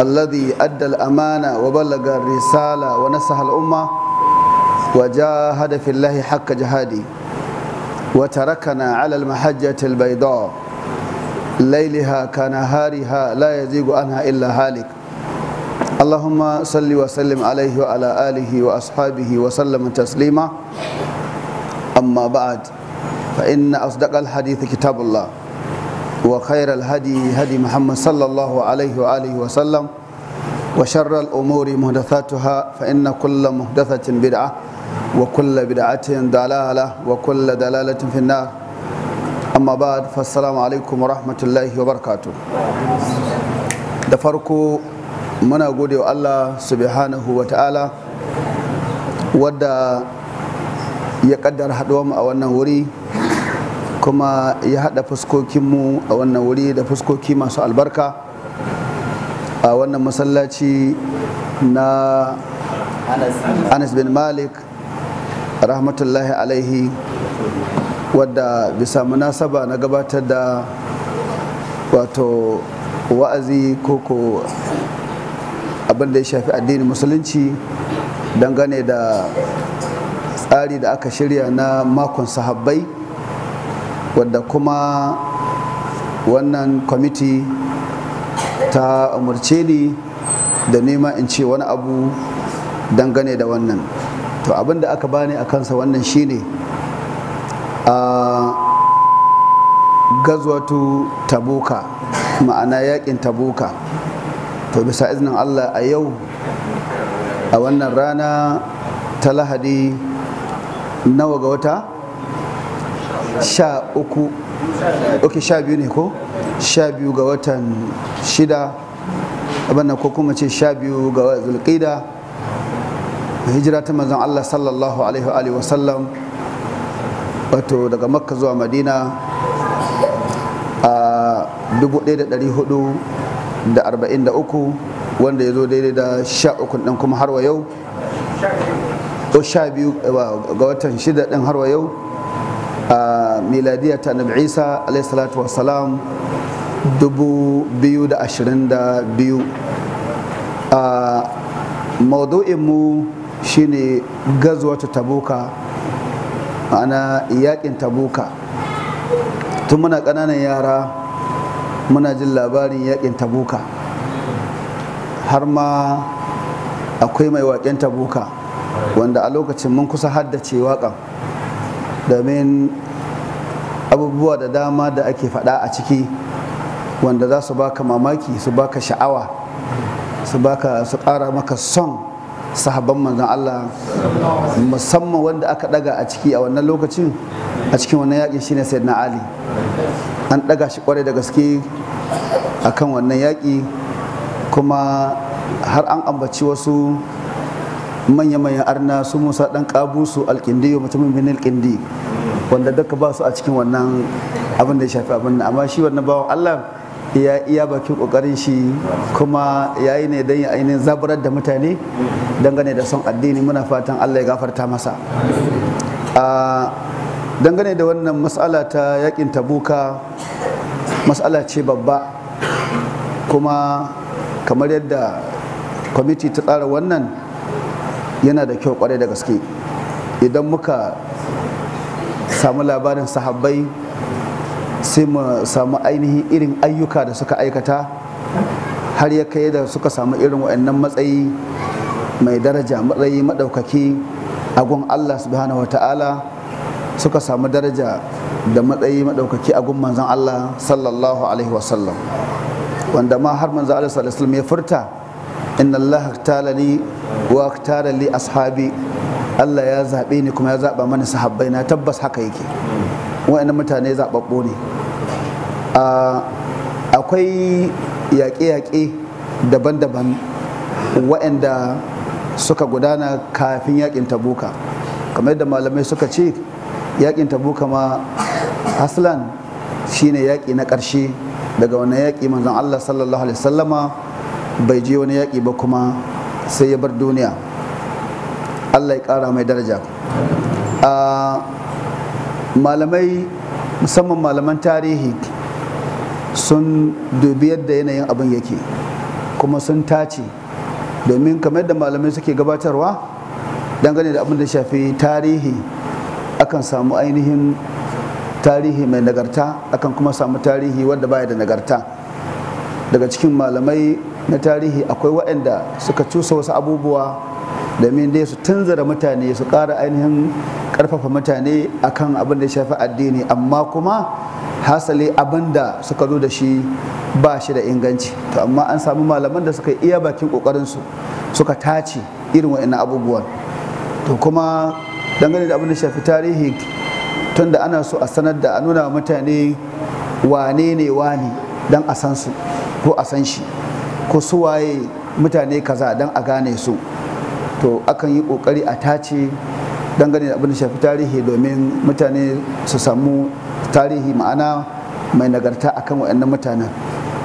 الذي أدى الأمانة وبلغ الرسالة ونصح الأمة وجاهد في الله حق جهاده وتركنا على المحجة البيضاء ليلها كنهارها لا يزيغ عنها إلا هالك اللهم صل وسلم عليه وعلى آله وأصحابه وسلم تسليما أما بعد فإن أصدق الحديث كتاب الله وخير الهدي هدي محمد صلى الله عليه وآله وسلم وشر الأمور محدثاتها فإن كل محدثة بدعة وكل بدعة دلالة وكل دلالة في النار أما بعد فالسلام عليكم ورحمة الله وبركاته da farko muna gode wa Allah subhanahu wa ta'ala wadda ya kaddara haɗuwa a wannan wuri kuma ya haɗa fuskokinmu a wannan wuri da fuskoki masu albarka a wannan masallaci na anas bin malik rahmatullahi alaihi wadda bisa munasaba na gabatar da wato wa'azi koko abinda ya shafi addinin musulunci dangane da tsari da aka shirya na makon sahabbai wadda kuma wannan kwamiti ta umarce ni da nema in ce wani abu dangane da wannan to abin da aka bani a kansa wannan shine a gazwatu tabuka ma'ana yakin tabuka to bisa iznin allah a yau a wannan rana ta lahadi nawa ga wata sha uku ok sha biyu ne ko sha biyu ga watan shida abinda ko kuma ce sha biyu ga da hijira ta mazan Allah sallallahu alaihi wa sallam wato daga makka zuwa madina a 1443 wanda ya zo daidai da sha uku ɗin kuma har wa yau ko sha biyu eh, ga watan shida ɗin har wa yau a miladiya ta nabi isa biyu, salatu wasalam 2022 a maudu'inmu shine gazuwata tabuka ana yakin tabuka tun muna ƙananan yara muna jin labarin yakin tabuka har ma akwai mai waƙen tabuka wanda a lokacin mun kusa haddace waƙan domin abubuwa da dama da ake faɗa a ciki wanda za su baka mamaki su baka sha'awa su baka su ƙara maka son sahabban manzan Allah musamman wanda aka ɗaga a ciki a wannan lokacin a cikin wannan yakin shine sayyidina Ali an ɗaga shi kwarai da gaske akan wannan yaƙi, kuma har an ambaci wasu manya-manyan arna su musa ɗan kabusu alƙindiyo mutumin binin alƙindiyo wanda duka ba su a cikin wannan abin da ya shafi abin nan amma shi wannan bawan Allah ya iya bakin kokarin shi kuma ya yi ne don ya ainihin zabarar da mutane dangane da son addini muna fatan Allah ya gafarta masa dangane da wannan masala ta yakin tabuka masala ce babba kuma kamar yadda kwamiti ta tsara wannan yana da kyau kwarai da gaske idan muka samu labarin sahabbai sai mu samu ainihin irin ayyuka da suka aikata har ya kai da suka samu irin wa'annan matsayi mai daraja matsayi maɗaukaki a gun Allah subhanahu wa ta'ala suka samu daraja da matsayi maɗaukaki a gun manzan Allah sallallahu alaihi wasallam wanda ma har manzan Allah sallallahu alaihi wasallam ya furta inna Allah tala wa tala li ashabi Allah ya zaɓe ni kuma ya zaɓa mana sahabbai na tabbas haka yake wa'annan mutane zaɓaɓɓo ne akwai yaƙe-yaƙe daban-daban wa'anda suka gudana kafin yaƙin tabuka kamar yadda malamai suka ce yaƙin tabuka ma aslan shine yaƙi na ƙarshe daga wannan yaƙi manzon Allah sallallahu alaihi wasallama bai je wani yaƙi ba kuma sai ya bar duniya Allah ya ƙara mai daraja malamai musamman malaman tarihi sun dubi yadda yanayin abin yake kuma sun tace domin kamar da malamai suke gabatarwa dangane da abin da shafi tarihi akan samu ainihin tarihi mai nagarta akan kuma samu tarihi wadda baya da nagarta daga cikin malamai na tarihi akwai waɗanda suka cusa wasu abubuwa domin dai su tunzara mutane su ƙara ainihin ƙarfafa mutane akan abin da shafi addini amma kuma hasali abin da suka zo da shi ba shi da inganci to amma an samu malaman da suka iya bakin ƙoƙarinsu suka tace irin wa'in abubuwan to kuma dangane da abin da shafi tarihi tunda ana so a sanar da a nuna wa mutane wane ne wane don a san su ko a san shi ko waye mutane kaza don a gane su to akan yi kokari a tace dangane da abin da shafi tarihi domin mutane su samu tarihi ma'ana mai nagarta akan waɗannan mutanen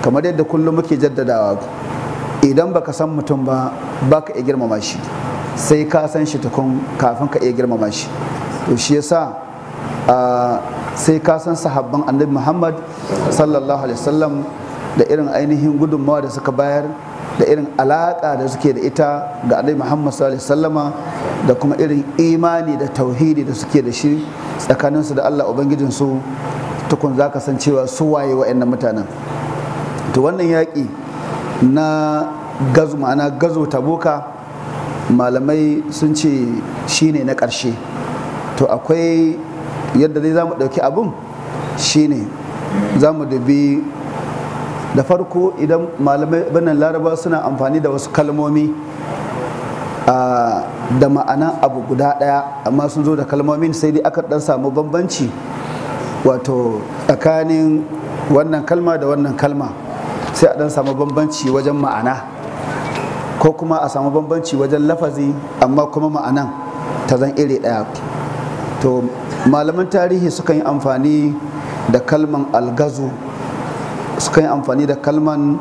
kamar yadda kullum muke jaddadawa idan baka san mutum ba baka iya girmama shi sai ka san shi tukun kafin ka iya girmama shi to shi yasa sai ka san sahabban annabi muhammad sallallahu alaihi wasallam da irin ainihin gudunmawa da suka bayar da irin alaƙa da suke da ita ga annabi Muhammad sallallahu alaihi wasallama da kuma irin imani da tauhidi da suke da shi tsakaninsu da Allah ubangijin su tukun zaka san cewa su waye wa'annan mutanen to wannan yaƙi na gazu ma'ana gazo boka malamai sun ce shine na ƙarshe to akwai yadda dai za mu ɗauki abin shine za mu dubi da farko idan malamai banan laraba suna amfani da wasu kalmomi da ma'ana abu guda ɗaya amma sun zo da kalmomin sai dai aka ɗan samu bambanci wato tsakanin wannan kalma da wannan kalma sai a ɗan samu bambanci wajen ma'ana ko kuma a samu bambanci wajen lafazi amma kuma ma'anan ta zan iri ɗaya to malaman tarihi sukan yi amfani da kalman algazu suka yi amfani da kalman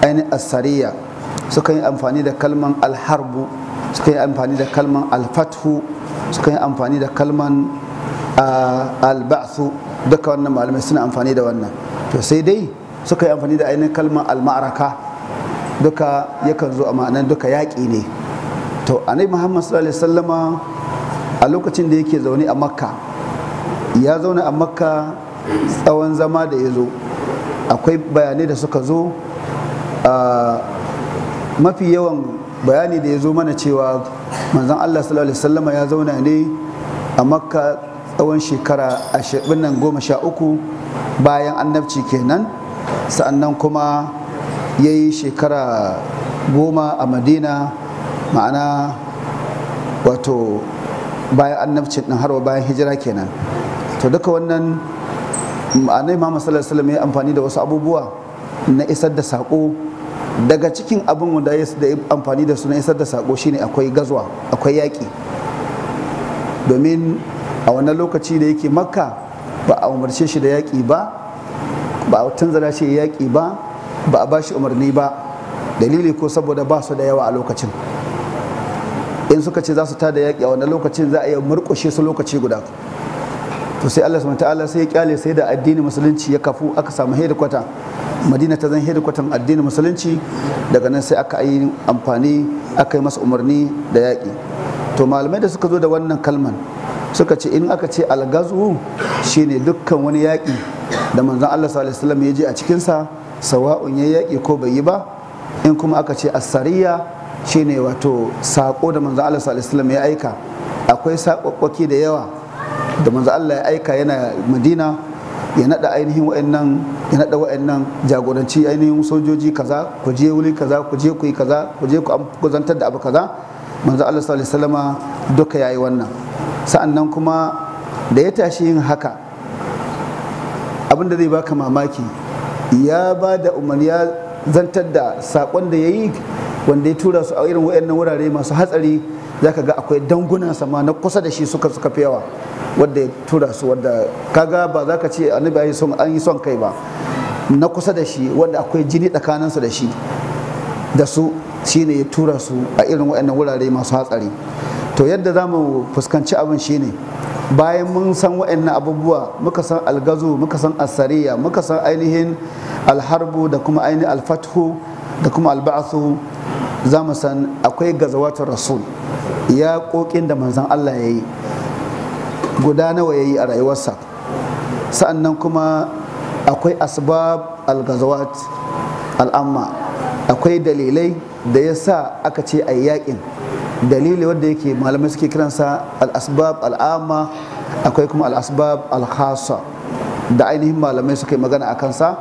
ainihin asariya suka yi amfani da kalman alharbu suka yi amfani da kalman alfathu suka yi amfani da kalman alba'su duka wannan malamai suna amfani da wannan to sai dai suka yi amfani da ainihin kalman almaraka duka yakan zo a ma'anar duka yaƙi ne to anai muhammad sallallahu alaihi sallama a lokacin da yake zaune a makka ya zaune a makka tsawon zama da ya zo akwai bayanai da suka zo a mafi yawan bayani da ya zo mana cewa manzan Allah sallallahu alaihi ya zauna ne a makka tsawon shekara ashirin goma sha uku bayan annabci kenan sa'annan kuma ya yi shekara goma a madina ma'ana wato bayan annabcin ɗin harwa bayan hijira kenan to duka wannan annabi ma sallallahu alaihi wasallam ya amfani da wasu abubuwa na isar da sako daga cikin abin wanda ya amfani da su na isar da sako shine akwai gazwa akwai yaƙi domin a wannan lokaci da yake makka ba a umarce shi da yaƙi ba ba a tanzara shi yaƙi ba ba a bashi umarni ba dalili ko saboda ba su da yawa a lokacin in suka ce za su tada yaƙi a wannan lokacin za a yi murkushe su lokaci guda to sai Allah subhanahu ta'ala sai ya kyale sai da addinin musulunci ya kafu aka samu hedikwata madina ta zan hedikwatan addinin musulunci daga nan sai aka yi amfani aka yi masa umarni da yaƙi to malamai da suka zo da wannan kalman suka ce in aka ce algazu shine dukkan wani yaƙi da manzon Allah sallallahu alaihi ya je a cikin sa sawa'un ya yaƙi ko bai yi ba in kuma aka ce asariya shine wato sako da manzon Allah sallallahu alaihi ya aika akwai sakokoki da yawa da manzo Allah ya aika yana Madina ya nada ainihin wa'annan ya nada wa'annan jagoranci ainihin sojoji kaza ku je wuri kaza ku je ku yi kaza ku je ku gozantar da abu kaza manzo Allah sallallahu alaihi wasallama duka yayi wannan sa'annan kuma da ya tashi yin haka abin zai baka mamaki ya ba da umarni ya zantar da sakon da ya yi wanda ya tura su a irin wa'annan wurare masu hatsari zaka ga akwai danguna sama na kusa da shi suka suka fi yawa wadda ya tura su wadda kaga ba za ka ce annabi ya son an yi son kai ba na kusa da shi wanda akwai jini tsakanin su da shi da su shine ya tura su a irin waɗannan wurare masu hatsari to yadda za mu fuskanci abin shine bayan mun san waɗannan abubuwa muka san algazu muka san asariya muka san ainihin alharbu da kuma ainihin alfathu da kuma alba'asu za mu san akwai gazawatar rasul ya kokin da manzan Allah ya yi guda nawa ya yi a rayuwarsa sa'annan kuma akwai asbab al-gazawat al'amma akwai dalilai da ya sa aka ce a yakin dalili wanda yake malamai suke kiransa al-asbab al'amma akwai kuma al-asbab al-khasa da ainihin malamai suka yi magana a kansa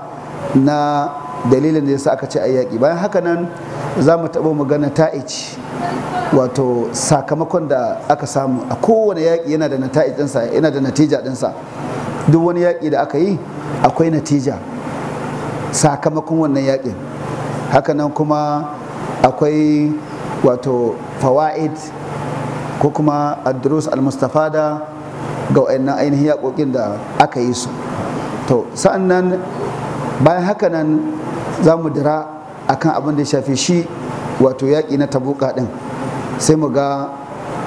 na dalilin da ya sa aka ce a yaƙi bayan haka nan za mu taɓa magana ta'ici wato sakamakon da aka samu a kowane yaƙi yana da nata'ic ɗinsa yana da natija ɗinsa duk wani yaƙi da aka yi akwai natija sakamakon wannan yaƙin hakanan kuma akwai wato fawa'id ko kuma adros al-mustafada ga wayannan ainihin yaƙoƙin da aka yi su to sa'an nan bayan hakanan za mu dira akan abin da ya shafi shi wato yaƙi na tabuka ɗin sai mu ga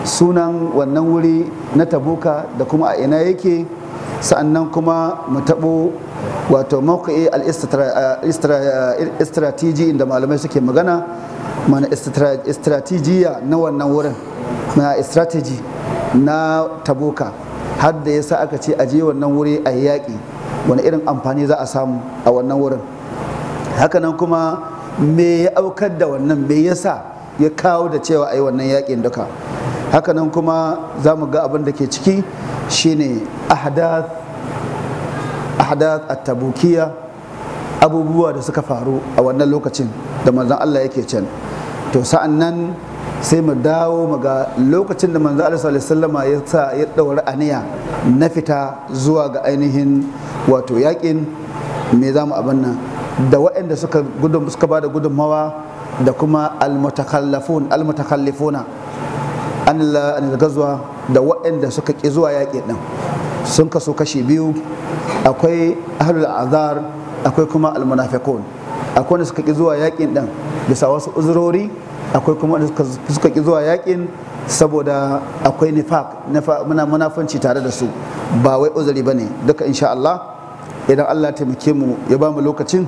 sunan wannan wuri na tabuka da kuma a ina yake sa'annan kuma mu taɓo wato mawuƙi al-istratiji inda malamai suke magana mana istratijiya na wannan wurin na strategy na tabuka har da yasa aka ce a aje wannan wuri a yaƙi wani irin amfani za a samu a wannan wurin hakanan kuma me ya aukar da wannan me yasa ya kawo da cewa ai wannan yakin duka hakanan kuma za mu ga abin da ke ciki shine ahdath ahdath at-tabukiyya abubuwa da suka faru a wannan lokacin da manzon Allah yake can to sa'an nan sai mu dawo mu ga lokacin da manzo Allah sallallahu alaihi ya sa ya daura aniya na fita zuwa ga ainihin wato yakin me zamu abin nan da waɗanda suka gudun suka bada gudunmawa da kuma almutakallafun almutakallifuna an gazwa da waɗanda suka ƙi zuwa yaƙi ɗin sun kaso kashi biyu akwai ahlul azar akwai kuma almunafiqun akwai wanda suka ƙi zuwa yaƙin ɗin bisa wasu uzurori akwai kuma wanda suka ƙi zuwa yaƙin saboda akwai nifak muna munafanci tare da su ba wai uzuri ba ne, duka insha Allah idan Allah taimake mu ya ba mu lokacin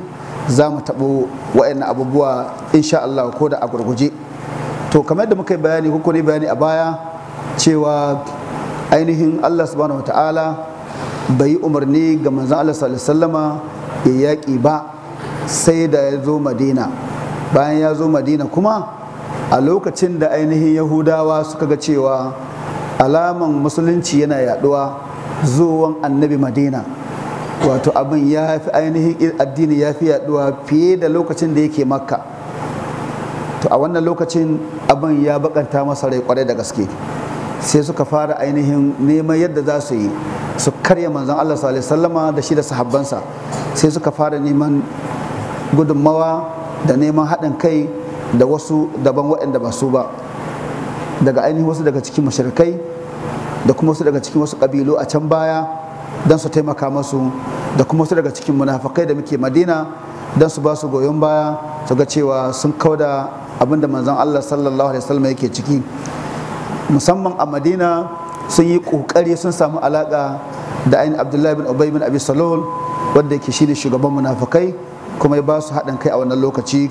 za mu taɓo wa'annan abubuwa insha Allah ko da a gurguje to kamar da muka yi bayani ko ne bayani a baya cewa ainihin Allah subhanahu wataala bai yi umarni ga manzon Allah sallallahu alaihi ya yaƙi ba sai da ya zo Madina bayan ya zo Madina kuma a lokacin da ainihin Yahudawa suka ga cewa alaman musulunci yana yaɗuwa zuwan annabi Madina wato abin ya fi ainihin addini ya fi yaduwa fiye da lokacin da yake makka to a wannan lokacin abin ya bakanta masa rai kwarai da gaske sai suka fara ainihin neman yadda za su yi su karya manzon Allah sallallahu alaihi da shi da sahabbansa sai suka fara neman gudunmawa da neman haɗin kai da wasu daban waɗanda ba su ba daga ainihin wasu daga cikin mashirkai da kuma wasu daga cikin wasu ƙabilu a can baya don su taimaka masu da kuma su daga cikin munafakai da muke madina don su ba su goyon baya su ga cewa sun kauda abin da manzon Allah sallallahu alaihi wasallam yake ciki musamman a madina sun yi kokari sun samu alaka da ainihin abdullahi bin ubay bin abi salul wanda yake shine shugaban munafakai kuma ya ba su haɗin kai a wannan lokaci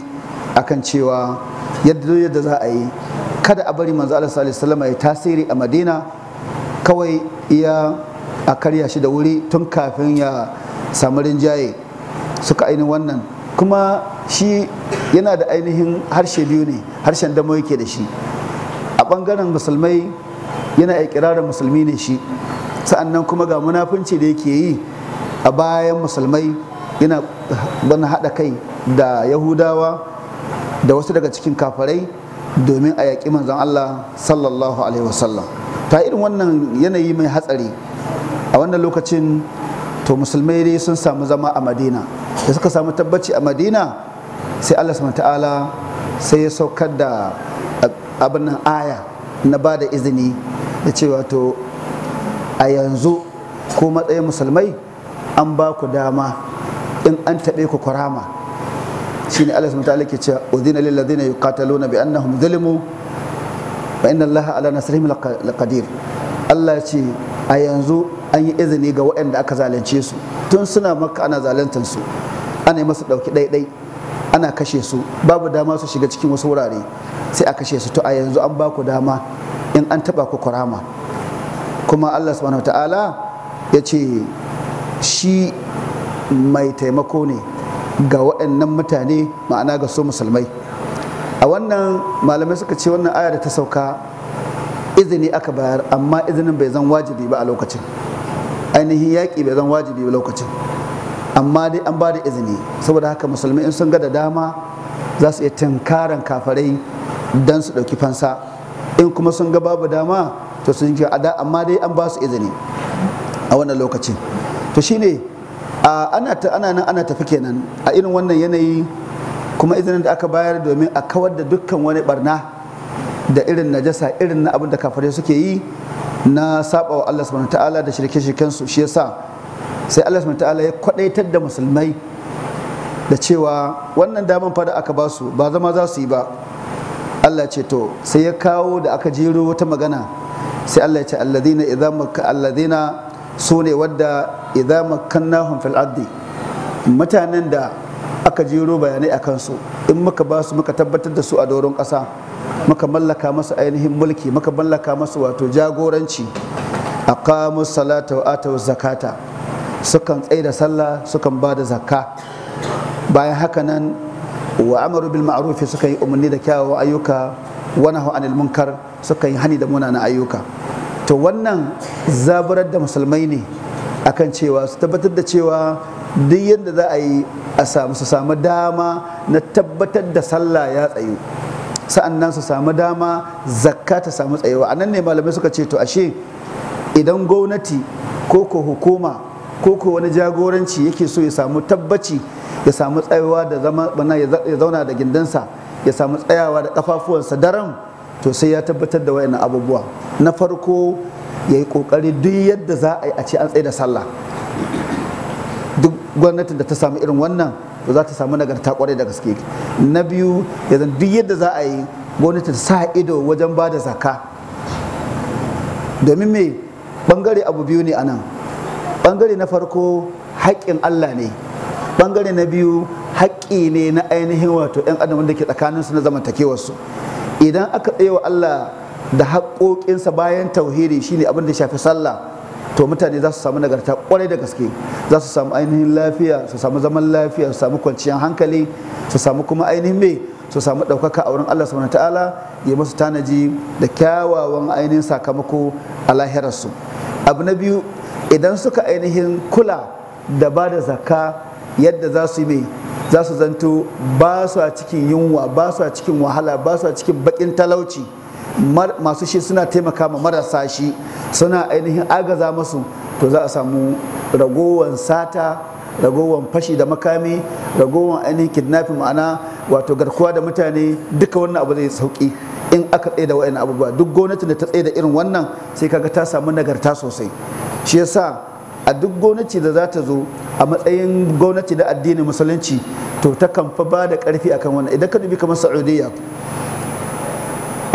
akan cewa yadda yadda za a yi kada a bari manzo Allah sallallahu alaihi wasallam ya tasiri a madina kawai iya a karya shi da wuri tun kafin ya samu rinjaye suka ainihin wannan kuma shi yana da ainihin harshe biyu ne harshen damo yake da shi a ɓangaren musulmai yana ikirarin musulmi ne shi sa'annan kuma ga munafunci da yake yi a bayan musulmai yana ban haɗa kai da yahudawa da wasu daga cikin kafarai domin a yaƙi manzon Allah sallallahu alaihi wasallam ta irin wannan yanayi mai hatsari a wannan lokacin to musulmai dai sun samu zama a madina da suka samu tabbaci a madina sai allah ta'ala sai ya saukar da abin aya na ba da izini da cewa to a yanzu ko matsayin musulmai an ba ku dama in an taɓe ku kurama ne Allah ta'ala ke cewa udhina lil na yuqataluna na annahum zulimu wa inna Allaha ala nasirin laqadir Allah ce a yanzu an yi izini ga waɗanda aka zalunce su tun suna maka ana zaluntar su ana yi masu ɗauki ɗaiɗai ana kashe su babu dama su shiga cikin wasu wurare sai a kashe su to a yanzu an ba ku dama in an taɓa ku kurama kuma allah subhanahu ta'ala ya ce shi mai taimako ne ga waɗannan mutane ma'ana ga su musulmai a wannan malamai suka ce wannan aya da ta sauka izini aka bayar amma izinin bai zan wajibi ba a lokacin ainihin yaƙi bai zan wajibi ba lokacin amma dai an ba da izini saboda haka musulmi in sun ga da dama za su iya tunkaran kafarai don su ɗauki fansa in kuma sun ga babu dama to sun ji ada amma dai an ba su izini a wannan lokacin to shine ana ana nan ana tafi kenan a irin wannan yanayi kuma izinin da aka bayar domin a kawar da dukkan wani barna da irin najasa irin na abin da kafare suke yi na saba wa Allah subhanahu ta'ala da shirke-shirken su shi yasa sai Allah subhanahu ta'ala ya kwadaitar da musulmai da cewa wannan damar fa aka ba su ba zama za su yi ba Allah ce to sai ya kawo da aka jero wata magana sai Allah ya ce alladina idza makka alladina sune wadda idza makkannahum fil ardi mutanen da aka jero bayanai akan su in muka ba su muka tabbatar da su a doron kasa muka mallaka masa ainihin mulki muka mallaka masa wato jagoranci a aqamu salata wa atu zakata sukan tsaye da sallah sukan ba da zakka bayan haka nan wa amaru bil ma'ruf suka yi umarni da kyawawan ayyuka wani hau anil munkar suka yi hani da na ayyuka to wannan zaburar da musulmai ne akan cewa su tabbatar da cewa duk yadda za a yi a samu su samu dama na tabbatar da sallah ya tsayu sa'annan su samu dama zakka ta samu tsayewa a nan ne malamai suka ce to ashe idan gwamnati ko ko hukuma ko ko wani jagoranci yake so ya samu tabbaci ya samu tsayewa da zama bana ya zauna da gindinsa ya samu tsayawa da kafafuwansa daren to sai ya tabbatar da wayannan abubuwa na farko ya yi kokari duk yadda za a yi a ce an tsaye da sallah duk gwamnatin da ta samu irin wannan to za ta samu nagarta kwarai da gaske na biyu ya duk yadda za a yi gwamnati ta sa ido wajen ba da zaka domin me bangare abu biyu ne anan bangare na farko haƙƙin Allah ne bangare na biyu haƙƙi ne na ainihin wato 'yan adam da ke tsakaninsu na zamantakewarsu idan aka tsaye wa Allah da haƙoƙinsa bayan tauhidi shine abin da shafi sallah to mutane za su samu nagarta kwarai da gaske za su samu ainihin lafiya su samu zaman lafiya su samu kwanciyar hankali su samu kuma ainihin mai su samu ɗaukaka a wurin Allah subhanahu ta'ala ya masu tanaji da kyawawan ainihin sakamako a lahirarsu abu na biyu idan suka ainihin kula da ba da zakka yadda za su yi mai za su zanto ba su a cikin yunwa ba su a cikin wahala ba su a cikin baƙin talauci masu shi suna taimaka ma marasa shi suna ainihin agaza masu to za a samu ragowar sata ragowar fashi da makami ragowar ainihin kidnapping ma'ana wato garkuwa da mutane duka wannan abu zai sauki in aka tsaye da wa'in abubuwa duk gwamnatin da ta tsaye da irin wannan sai kaga ta samu nagarta sosai shi yasa a duk gwamnati da za ta zo a matsayin gwamnati da addinin musulunci to ta kamfa ba da karfi akan wannan idan ka dubi kamar saudiya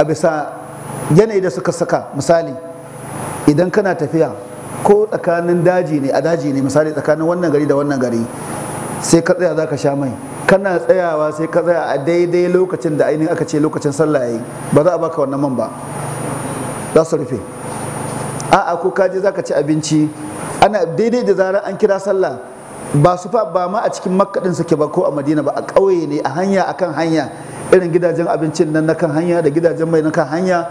bisa yanayi da suka saka misali idan kana tafiya ko tsakanin daji ne a daji ne misali tsakanin wannan gari da wannan gari sai ka tsaya za ka sha mai kana tsayawa sai ka tsaya a daidai lokacin da ainihin aka ce lokacin sallah yayi ba za a baka wannan man ba za su rufe a'a ko ka je za ka ci abinci ana daidai da zarar an kira sallah ba su fa ba ma a cikin makka suke ba ko a madina ba a ƙauye ne a hanya akan hanya irin gidajen abincin nan na kan hanya da gidajen mai na kan hanya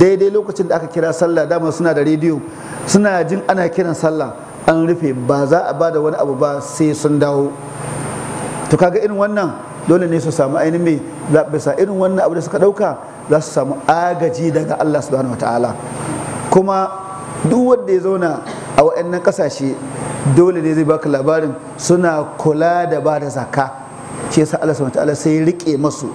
daidai lokacin da aka kira sallah dama suna da rediyo suna jin ana kiran sallah an rufe ba za a ba da wani abu ba sai sun dawo to kaga irin wannan dole ne su samu ainihin mai bisa irin wannan abu da suka dauka za su samu agaji daga Allah subhanahu wataala kuma duk wanda ya zauna a waɗannan kasashe dole ne zai baka labarin suna kula da ba da zakka shi yasa Allah subhanahu ta'ala sai ya rike masu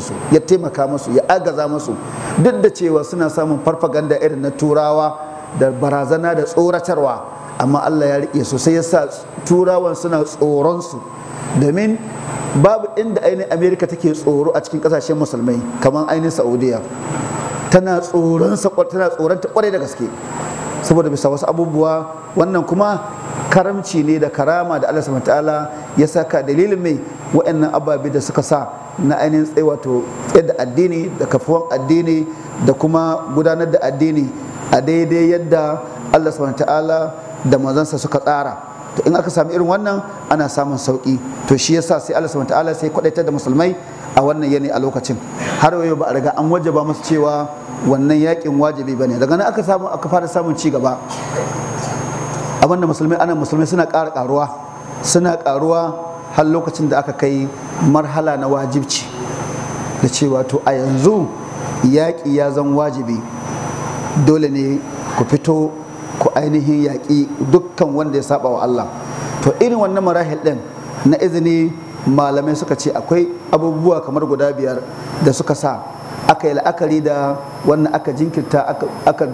su ya taimaka masu ya agaza masu duk da cewa suna samun farfaganda irin na turawa da barazana da tsoratarwa amma Allah ya rike su sai yasa turawan suna tsoron su domin babu inda ainihin Amerika take tsoro a cikin kasashen musulmai kamar ainihin Saudiya tana tsoron tana tsoron ta kwarai da gaske saboda bisa wasu abubuwa wannan kuma karamci ne da karama da Allah subhanahu ta'ala ya saka dalilin mai wa'annan ababe da suka sa na ainihin tsaye wato da addini da kafuwan addini da kuma gudanar da addini a daidai yadda Allah subhanahu ta'ala da manzansa suka tsara to in aka sami irin wannan ana samun sauki to shi yasa sai Allah subhanahu ta'ala sai kwadaitar da musulmai a wannan yanayi a lokacin har yau ba a riga an wajaba musu cewa wannan yakin wajibi bane daga nan aka samu aka fara samun ci gaba abinda musulmi ana musulmi suna ƙara ƙaruwa suna ƙaruwa har lokacin da aka kai marhala na wajibci da cewa to a yanzu yaƙi ya zan wajibi dole ne ku fito ku ainihin yaƙi dukkan wanda ya saba wa Allah to irin wannan marahil ɗin na izini malamai suka ce akwai abubuwa kamar guda biyar da suka sa aka yi la'akari da wannan aka jinkirta aka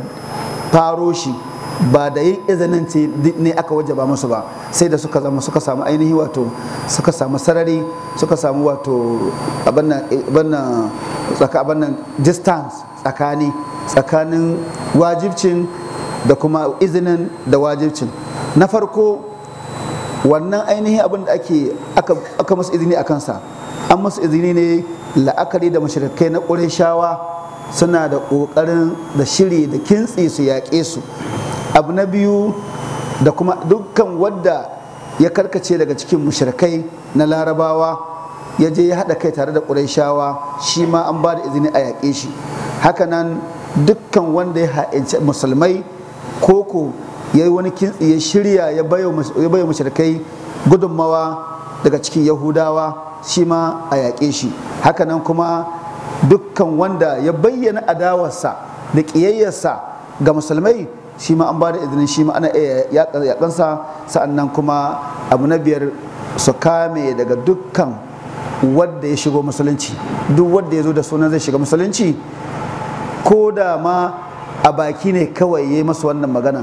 faro shi ba da yin izinin ce ne aka waje ba musu ba sai da suka zama suka samu ainihi wato suka samu sarari suka samu wato abin tsaka distance tsakani tsakanin wajibcin da kuma izinin da wajibcin na farko wannan ainihin abin da ake aka musu izini a kansa an musu izini ne la'akari da mashirikai na shawa suna da ƙoƙarin da shiri da kintsi su yaƙe su abu na biyu da kuma dukkan wadda ya karkace daga cikin mushrikai na larabawa ya je ya haɗa kai tare da ƙurayshawa shi ma an ba da izini a yaƙe shi hakanan dukkan wanda ya ha'inci musulmai koko ya yi wani kintsi ya shirya ya bayo mashirkai gudunmawa daga cikin yahudawa shi ma a yaƙe shi hakanan kuma dukkan wanda ya bayyana adawarsa da ƙiyayyarsa ga musulmai shi ma an ba da izinin shi ma ana iya yakansa sa'annan kuma abu na biyar su kame daga dukkan wanda ya shigo musulunci duk wanda ya zo da sunan zai shiga musulunci ko da ma a baki ne kawai ya yi masu wannan magana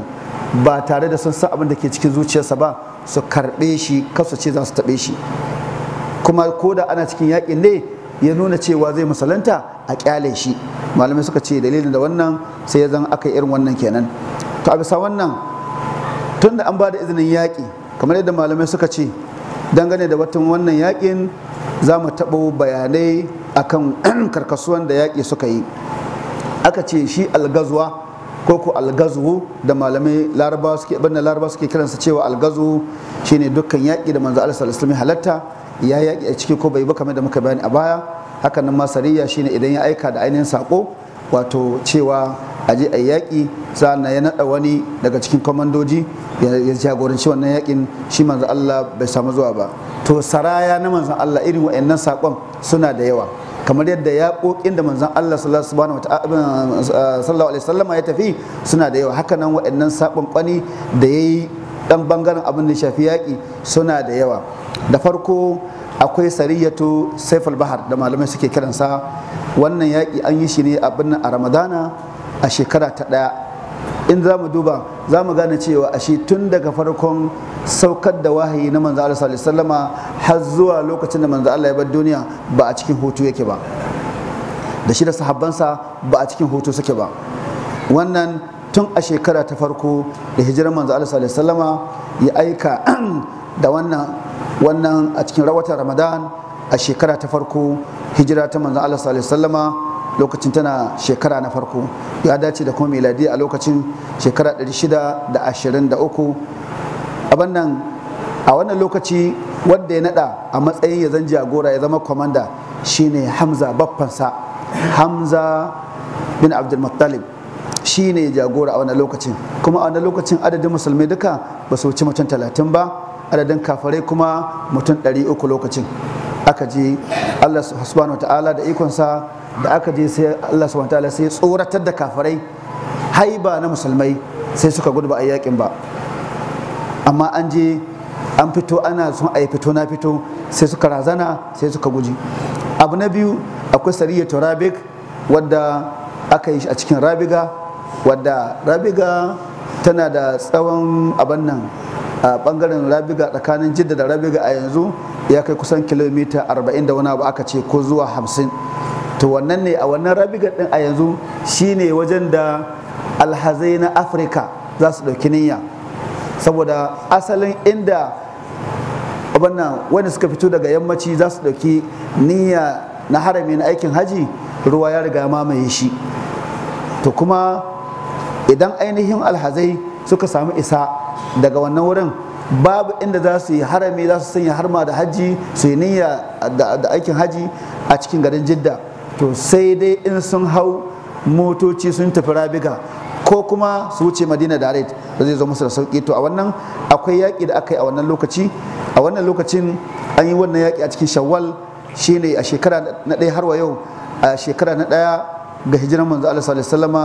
ba tare da sun san abin da ke cikin zuciyarsa ba su karɓe shi kasu ce za su taɓe shi kuma ko da ana cikin yaƙin ne ya nuna cewa zai musulunta a ƙyale shi malamai suka ce dalilin da wannan sai ya zan aka irin wannan kenan to a bisa wannan tun da an ba da izinin yaƙi kamar yadda malamai suka ce dangane da watan wannan yaƙin za mu taɓo bayanai akan karkasuwan da yaƙi suka yi aka ce shi algazuwa ko ko algazu da malamai laraba suke banda laraba suke kiransa cewa algazu shine dukkan yaƙi da manzo Allah sallallahu alaihi halatta ya yaƙi a ciki ko bai ba kamar da muka bayani a baya hakanan ma shine idan ya aika da ainihin sako wato cewa a je a yaƙi sa'an ya naɗa wani daga cikin kwamandoji ya jagoranci wannan yaƙin shi manzan Allah bai samu zuwa ba to saraya na manzan Allah irin wa'annan sakon suna da yawa kamar yadda yaƙoƙin da manzan Allah sallallahu alaihi wasallama ya tafi suna da yawa wa'in nan wa'annan saƙon kwani da ya yi dan bangaren abin da shafi yaƙi suna da yawa da farko akwai sariyatu saiful bahar da malamai suke kiransa wannan yaƙi an yi shi ne abin a ramadana a shekara ta ɗaya in za mu duba za mu gane cewa ashe tun daga farkon saukar da wahayi na manzo Allah sallallahu alaihi wasallama har zuwa lokacin da manzo Allah ya bar duniya ba a cikin hutu yake ba da shi da sahabbansa ba a cikin hutu suke ba wannan tun a shekara ta farko da hijirar manzo Allah sallallahu ya aika da wannan wannan a cikin rawatan Ramadan a shekara ta farko hijira ta manzo Allah sallallahu lokacin tana shekara na farko ya dace da kuma miladi a lokacin shekara 623 a nan a wannan lokaci wanda ya nada a matsayin ya zan jagora ya zama kwamanda shine hamza baffansa hamza bin abdulmuttalib shi ne jagora a wannan lokacin kuma a wannan lokacin adadin musulmai duka ba su wuce mutum talatin ba adadin kafarai kuma mutum ɗari uku lokacin aka je allah subhanahu ta'ala da ikonsa da aka je sai allah subhanahu ta'ala sai tsoratar da kafarai haiba na musulmai sai suka gudu ba a yakin ba amma an je an fito ana sun a fito na fito sai suka razana sai suka guji abu na biyu akwai sariya rabik wadda aka yi a cikin rabiga wadda rabiga tana da tsawon abin nan a bangaren rabiga tsakanin jidda da rabiga a yanzu ya kai kusan kilomita 40 da wani abu aka ce ko zuwa 50 to wannan ne a wannan rabiga din a yanzu shine wajen da alhazai na afirka za su ɗauki niyya saboda asalin inda wannan wanda suka fito daga yammaci za su ɗauki niyya na harami na aikin haji ruwa ya riga mamaye shi to kuma idan ainihin alhazai suka samu isa daga wannan wurin babu inda za su yi harami za su sanya harma da hajji su yi niyya da aikin hajji a cikin garin jidda to sai dai in sun hau motoci sun tafi rabiga ko kuma su wuce madina direct da zai zo musu da sauƙi. to a wannan akwai yaƙi da aka yi a wannan lokaci a wannan lokacin an yi wannan yaƙi a cikin shawwal shine a shekara na ɗaya har wa yau a shekara na ɗaya ga hijiran manzo Allah sallallahu alaihi wasallama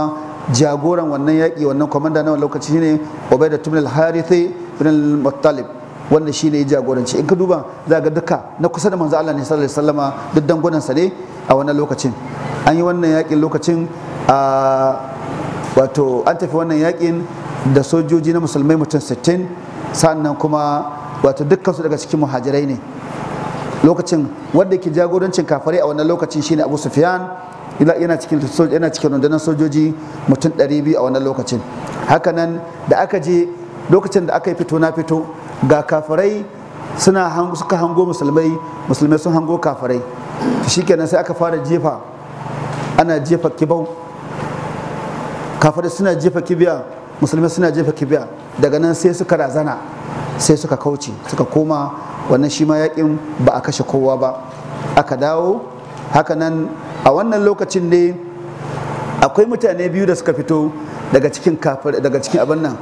jagoran wannan yaƙi wannan komanda na lokaci shine Ubaida ibn al-Harith ibn al-Muttalib wanda shine ya jagoranci in ka duba za ka ga duka na kusa da manzo Allah ne sallallahu alaihi wasallama duk dangonan sa ne a wannan lokacin an yi wannan yaƙin lokacin a wato an tafi wannan yaƙin da sojoji na musulmai mutum 60 sannan kuma wato dukkan su daga cikin muhajirai ne lokacin wanda ke jagorancin kafare a wannan lokacin shine Abu Sufyan yana cikin yana cikin rundunar sojoji mutum 200 a wannan lokacin hakanan da aka je lokacin da aka yi fito na fito ga kafirai suna suka hango musulmai musulmai sun hango kafirai shikenan sai aka fara jefa ana jefa kibau kafirai suna jefa kibiya musulmai suna jefa kibiya daga nan sai suka razana sai suka kauce suka koma wannan shi ma yakin ba a kashe kowa ba aka dawo hakanan a wannan lokacin ne akwai mutane biyu da suka fito daga cikin daga abin nan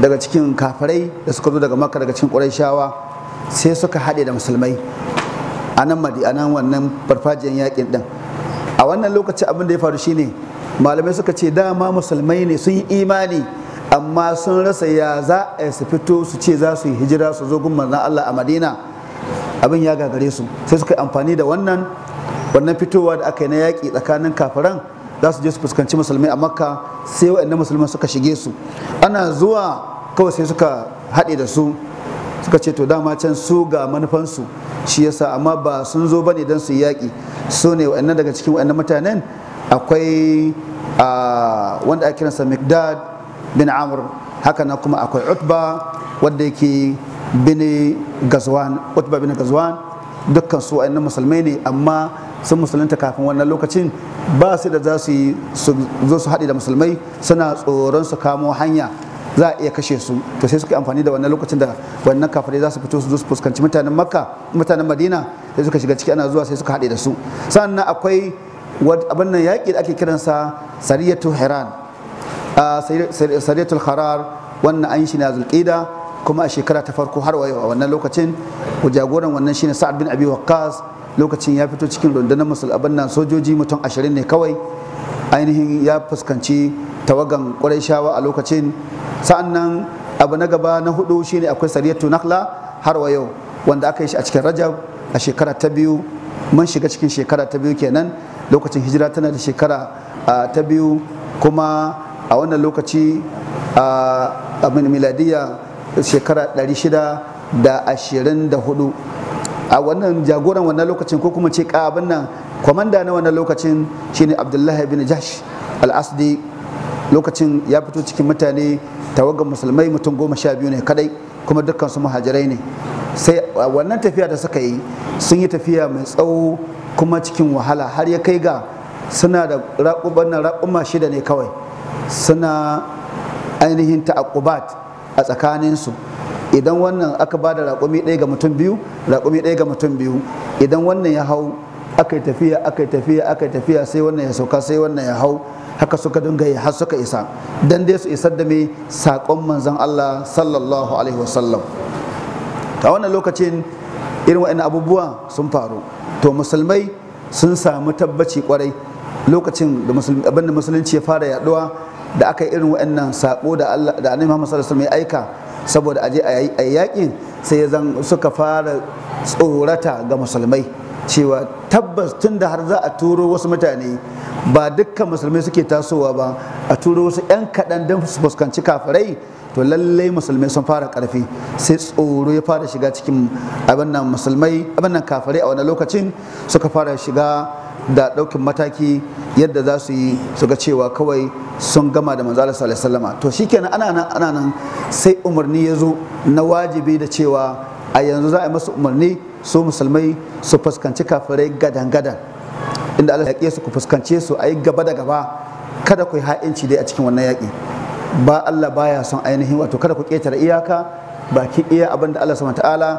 daga cikin kafirai da suka zo daga makka daga cikin ƙurayshawa sai suka haɗe da musulmai a nan madi a nan wannan farfajiyan yaƙin ɗin a wannan lokacin abin da ya faru ne, malamai suka ce dama musulmai ne sun yi imani amma sun rasa ya za a su fito su ce za su yi hijira su zo gun manzon Allah a Madina abin ya gagare su sai suka yi amfani da wannan wannan fitowa da aka yi na yaƙi tsakanin kafiran za su je su fuskanci musulmai a makka sai waɗanda musulman suka shige su ana zuwa kawai sai suka haɗe da su suka ce to dama can su ga manufansu shi yasa amma ba sun zo bane don su yi yaƙi su ne waɗannan daga cikin waɗannan mutanen akwai wanda ake kiransa mikdad bin Amur, haka na kuma akwai utba wanda yake bin gazwan dukkan su ainihin musulmai ne amma sun musulunta kafin wannan lokacin ba su da za su yi zo su haɗe da musulmai suna tsoron su kamo hanya za a iya kashe su to sai suka amfani da wannan lokacin da wannan kafirai za su fito su zo su fuskanci mutanen makka mutanen madina sai suka shiga ciki ana zuwa sai suka haɗe da su sannan akwai abin nan yaƙi da ake kiransa sariyatul haran ah, sariyatul harar wannan an shi na zulƙida kuma a shekara ta farko har wayo a wannan lokacin jagoran wannan shine sa'ad bin abi waqqas lokacin ya fito cikin rundunar musulman nan sojoji mutum ashirin ne kawai ainihin ya fuskanci tawagan shawa a lokacin sa'annan abu na gaba na hudu shine akwai sariyatu nakla har wa wanda aka yi shi a cikin rajab a shekara ta biyu mun shiga cikin shekara ta biyu kenan lokacin hijira tana da shekara ta biyu kuma a wannan lokaci a miladiyya shekara 624 a wannan jagoran wannan lokacin ko kuma ce abin nan kwamanda na wannan lokacin shine abdullahi bin jash al-asdi lokacin ya fito cikin mutane tawagar musulmai mutum goma sha biyu ne kadai kuma dukkan su muhajirai ne sai wannan tafiya da suka yi sun yi tafiya mai tsawo kuma cikin wahala har ya kai ga suna da raƙuban raƙuma shida ne kawai suna ainihin ta'aqubat a tsakaninsu idan wannan aka ba da raƙumi ɗaya ga mutum biyu raƙumi ɗaya ga mutum biyu idan wannan ya hau aka yi tafiya aka yi tafiya aka yi tafiya sai wannan ya sauka sai wannan ya hau haka suka dinga yi har suka isa dan dai su isar da me saƙon manzon Allah sallallahu alaihi wasallam a wannan lokacin irin wa'in abubuwa sun faru to musulmai sun samu tabbaci kwarai lokacin da abinda musulunci ya fara yaduwa da aka yi irin wa'annan sako da Allah da Annabi Muhammad sallallahu alaihi wasallam ya aika saboda aje a yakin sai ya zan suka fara tsorata ga musulmai cewa tabbas tun da har za a turo wasu mutane ba dukkan musulmai suke tasowa ba a turo wasu 'yan kaɗan don su fuskanci kafirai to lallai musulmai sun fara ƙarfi sai tsoro ya fara shiga cikin abin nan musulmai abin nan kafirai a wani lokacin suka fara shiga da ɗaukin mataki yadda za su yi su ga cewa kawai sun gama da manzala sallallahu to shikenan ana nan ana nan sai umarni ya zo na wajibi da cewa a yanzu za a yi masu umarni su musulmai su fuskanci kafirai gadan-gadan inda Allah ya su ku fuskance su a yi gaba da gaba kada ku yi ha'inci dai a cikin wannan yaƙi ba Allah baya son ainihin wato kada ku ƙetare iyaka baki iya abin da Allah subhanahu ta'ala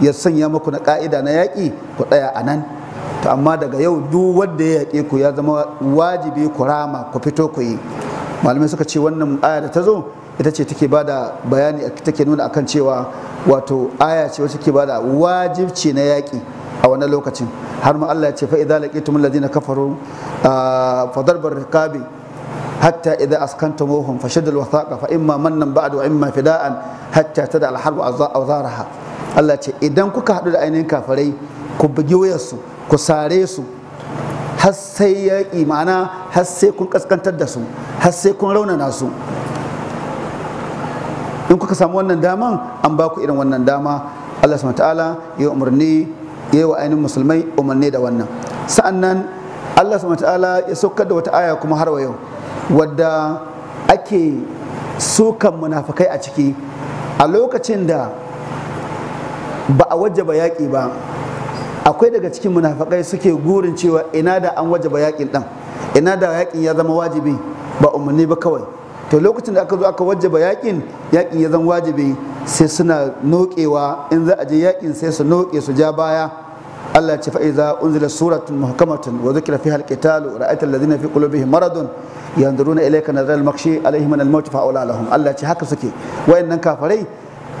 ya sanya muku na ka'ida na yaƙi ku tsaya anan. to amma daga yau duk wanda ya yaƙe ku ya zama wajibi ku rama ku fito ku yi malamai suka ce wannan aya da ta zo ita ce take bada bayani take nuna akan cewa wato aya ce wacce take bada wajibci na yaƙi a wannan lokacin har ma Allah ya ce fa idza laqitum alladhina kafaru ah, fa darbar riqabi hatta idza askantumuhum fashaddul wathaqa fa imma mannan ba'du wa imma fida'an hatta tada alharbu harbu awzaraha Allah ce idan kuka hadu da ainihin kafirai ku bugi wayarsu ku sare su har sai ya imana har sai kun kaskantar da su har sai kun raunana su in kuka samu wannan daman an ba ku irin wannan dama Allah subhanahu ta'ala ya umarni ya yi wa ainihin musulmai umarni da wannan sa'annan Allah subhanahu ta'ala ya saukar da wata aya kuma har wa yau wadda ake sukan munafikai a ciki a lokacin da ba a wajaba yaƙi ba akwai daga cikin munafakai suke gurin cewa ina da an wajaba yakin dan ina da yakin ya zama wajibi ba umarni ba kawai to lokacin da aka zo aka wajaba yakin yakin ya zama wajibi sai suna nokewa in za a je yakin sai su noke su ja baya Allah ya ce fa iza unzila suratun muhkamatun wa zikra fiha alqitalu ra'aita alladhina fi qulubihim maradun yanzuruna ilayka nazal al-makshi alaihim min al-maut fa lahum Allah ya ce haka suke wayannan kafarai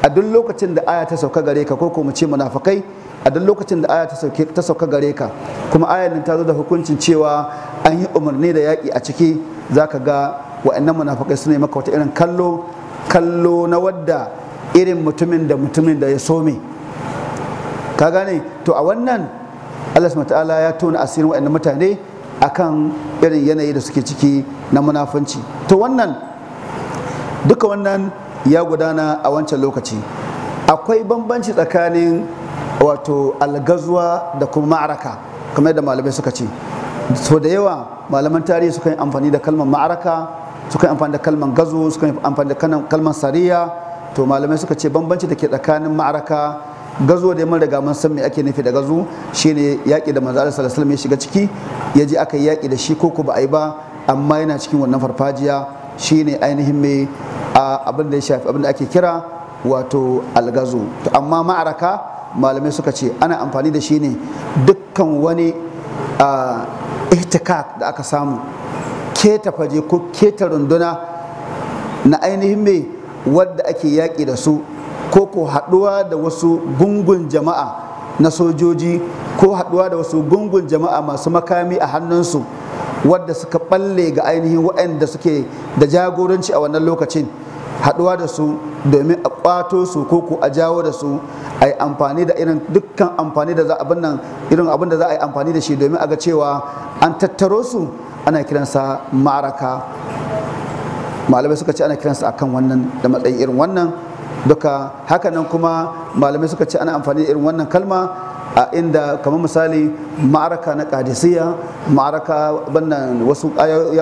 a duk lokacin da aya ta sauka gare ka ko kuma ce munafakai a duk lokacin da aya ta sauka gare ka kuma ayan nan ta zo da hukuncin cewa an yi umarni da yaƙi a ciki za ka ga wa'annan munafakai su ne maka wata irin kallo kallo na wadda irin mutumin da mutumin da ya some ka gane to a wannan Allah ta'ala ya tona asirin wa'annan mutane akan irin yanayi da suke ciki na munafunci to wannan duka wannan ya gudana a wancan lokaci akwai bambanci tsakanin wato algazuwa da kuma ma'araka kamar da malamai suka ce so da yawa malaman tarihi suka yi amfani da kalmar ma'araka suka yi amfani da kalmar gazo suka yi amfani da kalmar sariya to malamai suka ce bambanci da ke tsakanin ma'araka gazo da mun riga mun san me ake nufi da gazo shine yaƙi da manzo sallallahu alaihi wasallam ya shiga ciki yaji aka yi yaƙi da shi ko ko ba a yi ba amma yana cikin wannan farfajiya shine ainihin mai abin da ya shafi abin da ake kira wato algazu. to amma ma'araka malamai suka ce ana amfani da shi ne dukkan wani ihtikak da aka samu keta faje ko keta runduna na ainihin mai wadda ake yaƙi da su ko ko haɗuwa da wasu gungun jama'a na sojoji ko haɗuwa da wasu gungun jama'a masu makami a hannunsu wadda suka balle ga ainihin waɗanda suke da jagoranci a wannan lokacin haɗuwa da su domin a ƙwato su ko ko a jawo da su a yi amfani da irin dukkan amfani da za abin nan irin abin da za a yi amfani da shi domin a ga cewa an tattaro su ana kiransa ma'araka malamai suka ce ana kiransa akan wannan da matsayin irin wannan duka hakanan kuma malamai suka ce ana amfani da irin wannan kalma a inda kamar misali ma'araka na kadisiya ma'araka wannan wasu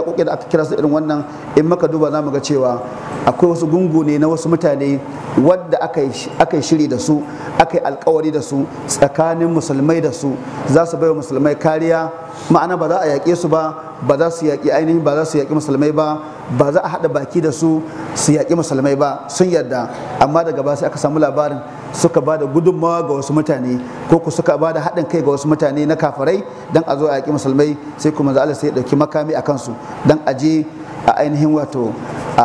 kuke da aka kira su irin wannan in maka duba za mu ga cewa akwai wasu gungu ne na wasu mutane wadda aka yi shiri da su aka yi alkawari da su tsakanin musulmai da su za su bai wa musulmai kariya ma'ana ba za a yaƙe su ba ba za su yaƙi ainihin ba za su yaƙi musulmai ba ba za a haɗa baki da su su yaƙi musulmai ba sun yarda amma daga ba sai aka samu labarin suka ba da gudunmawa ga wasu mutane ko ku suka ba da haɗin kai ga wasu mutane na kafarai don a zo a yaƙi musulmai sai kuma za'ala, sai ya ɗauki makami a kansu don a je a ainihin wato a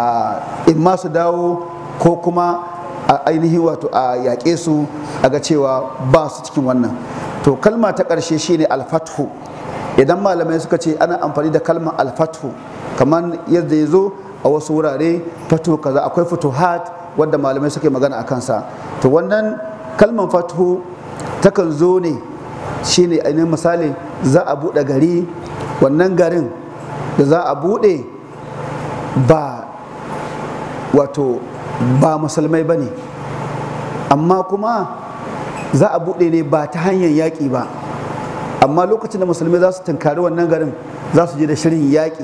in ma su dawo ko kuma a ainihin wato a yaƙe su a ga cewa ba su cikin wannan to kalma ta ƙarshe shine alfathu idan malamai suka ce ana amfani da kalmar alfathu kamar yadda ya zo a wasu wurare fatu kaza akwai futuhat wadda malamai suke magana a kansa to wannan kalman ta takan zo ne shine ainihin misali za a buɗe gari wannan garin da za a buɗe ba wato ba musulmai ba ne amma kuma za a buɗe ne ba ta hanyar yaƙi ba amma lokacin da musulmai za su tunkari wannan garin za su je da shirin yaƙi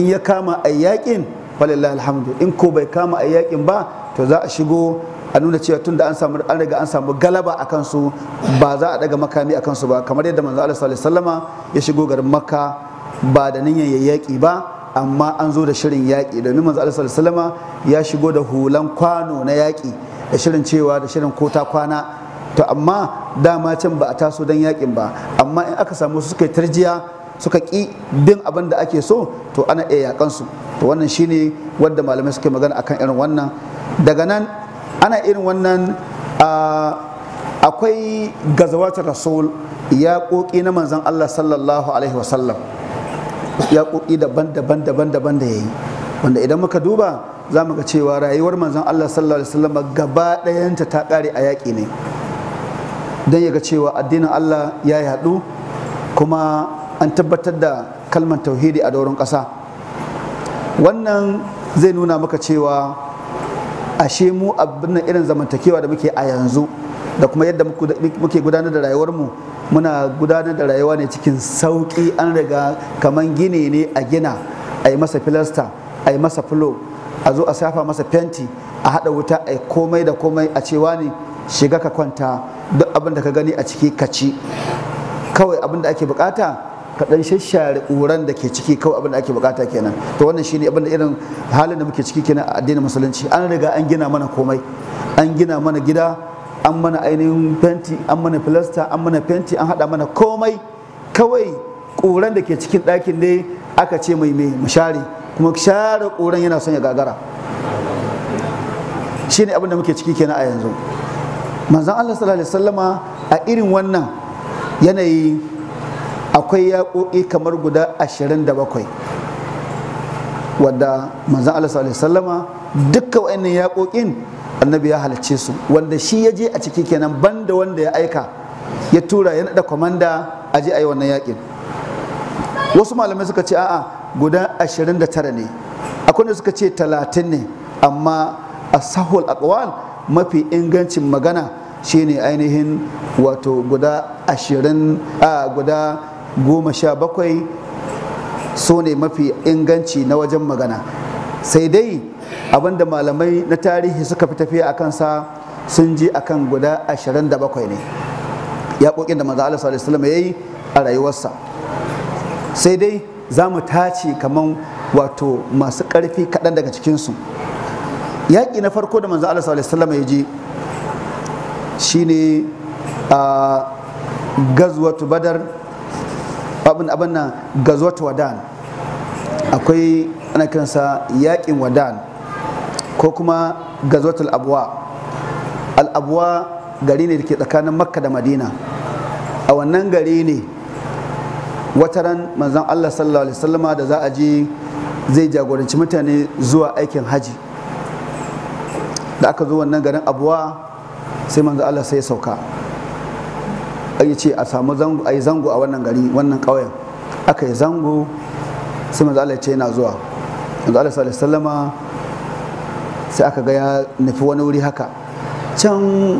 in ya kama a yaƙin falillah alhamdu in ko bai kama a yaƙin ba to za a shigo a nuna cewa tun da an samu an riga an samu galaba a kansu ba za a daga makami a kansu ba kamar yadda manzo Allah sallallahu alaihi wasallama ya shigo garin makka ba da niyyar yayyaki ba amma an zo da shirin yaƙi domin manzo Allah sallallahu alaihi ya shigo da hulan kwano na yaƙi da shirin cewa da shirin kota kwana to amma dama can ba a taso dan yaƙin ba amma in aka samu suka yi tarjiya suka ƙi bin abin da ake so to ana iya yaƙansu. su to wannan shine wanda malamai suke magana akan irin wannan daga nan ana irin wannan akwai gazawata rasul ya koki na manzan Allah sallallahu alaihi wasallam ya koki daban-daban daban-daban da ya yi wanda idan muka duba za mu ga cewa rayuwar manzan Allah sallallahu alaihi wasallam gaba ɗayanta ta ƙare a yaƙi ne don ya ga cewa addinin Allah ya yi haɗu kuma an tabbatar da kalmar tauhidi a doron ƙasa wannan zai nuna maka cewa ashe mu abin irin zamantakewa da muke a yanzu da kuma yadda muke gudanar da rayuwarmu muna gudanar da rayuwa ne cikin sauƙi an riga kamar gine ne a gina a yi masa filasta a yi masa fulo a zo a safa masa fenti a haɗa wuta a komai da komai a cewa ne shiga ka kwanta duk abin da ka gani a ciki ka ci kawai abin da ake bukata Kaɗan dan shashare ƙuran da ke ciki kawai abin da ake bukata kenan to wannan shine abin da irin halin da muke ciki kenan a addinin musulunci an riga an gina mana komai an gina mana gida an mana ainihin fenti an mana filasta an mana fenti an haɗa mana komai kawai ƙuran da ke cikin ɗakin ne aka ce mai mai mashari kuma share ƙuran yana son ya gagara shine abin da muke ciki kenan a yanzu manzon Allah sallallahu alaihi wasallama a irin wannan yanayi akwai yaƙoƙi kamar guda 27 wadda manzan Allah sallallahu alaihi wasallama dukkan wa'annan yaƙoƙin annabi ya halarce su wanda shi ya je a ciki kenan banda wanda ya aika ya tura ya naɗa kwamanda a je a yi wannan yaƙin wasu malamai suka ce a'a guda 29 ne akwai da suka ce 30 ne amma a sahul aqwal mafi ingancin magana shine ainihin wato guda 20 a guda goma sha bakwai so ne mafi inganci na wajen magana sai dai abinda malamai na tarihi suka fi tafiya a kansa sun ji kan guda ashirin da bakwai ne ya ƙoƙin da manzo Allah sallallahu ya yi a rayuwarsa sai dai za mu tace kamar wato masu ƙarfi kaɗan daga cikinsu yaƙi na farko da manzo Allah sallallahu ya je ne a ah, gazwatu badar abin abin nan gazwat wadan akwai ana kansa yaƙin wadan ko kuma gazwat al-abwa al gari ne da ke tsakanin makka da madina a wannan gari ne wataran manzan allah sallallahu alaihi wasallama da za a je zai jagoranci mutane zuwa aikin haji da aka zo wannan garin abuwa sai manzan Allah sai ya sauka ai ce a samu zango yi zango a wannan gari wannan ƙauyen aka yi zango sai manzo Allah ya ce yana zuwa manzo Allah sallallahu alaihi wasallama sai aka ga ya nufi wani wuri haka can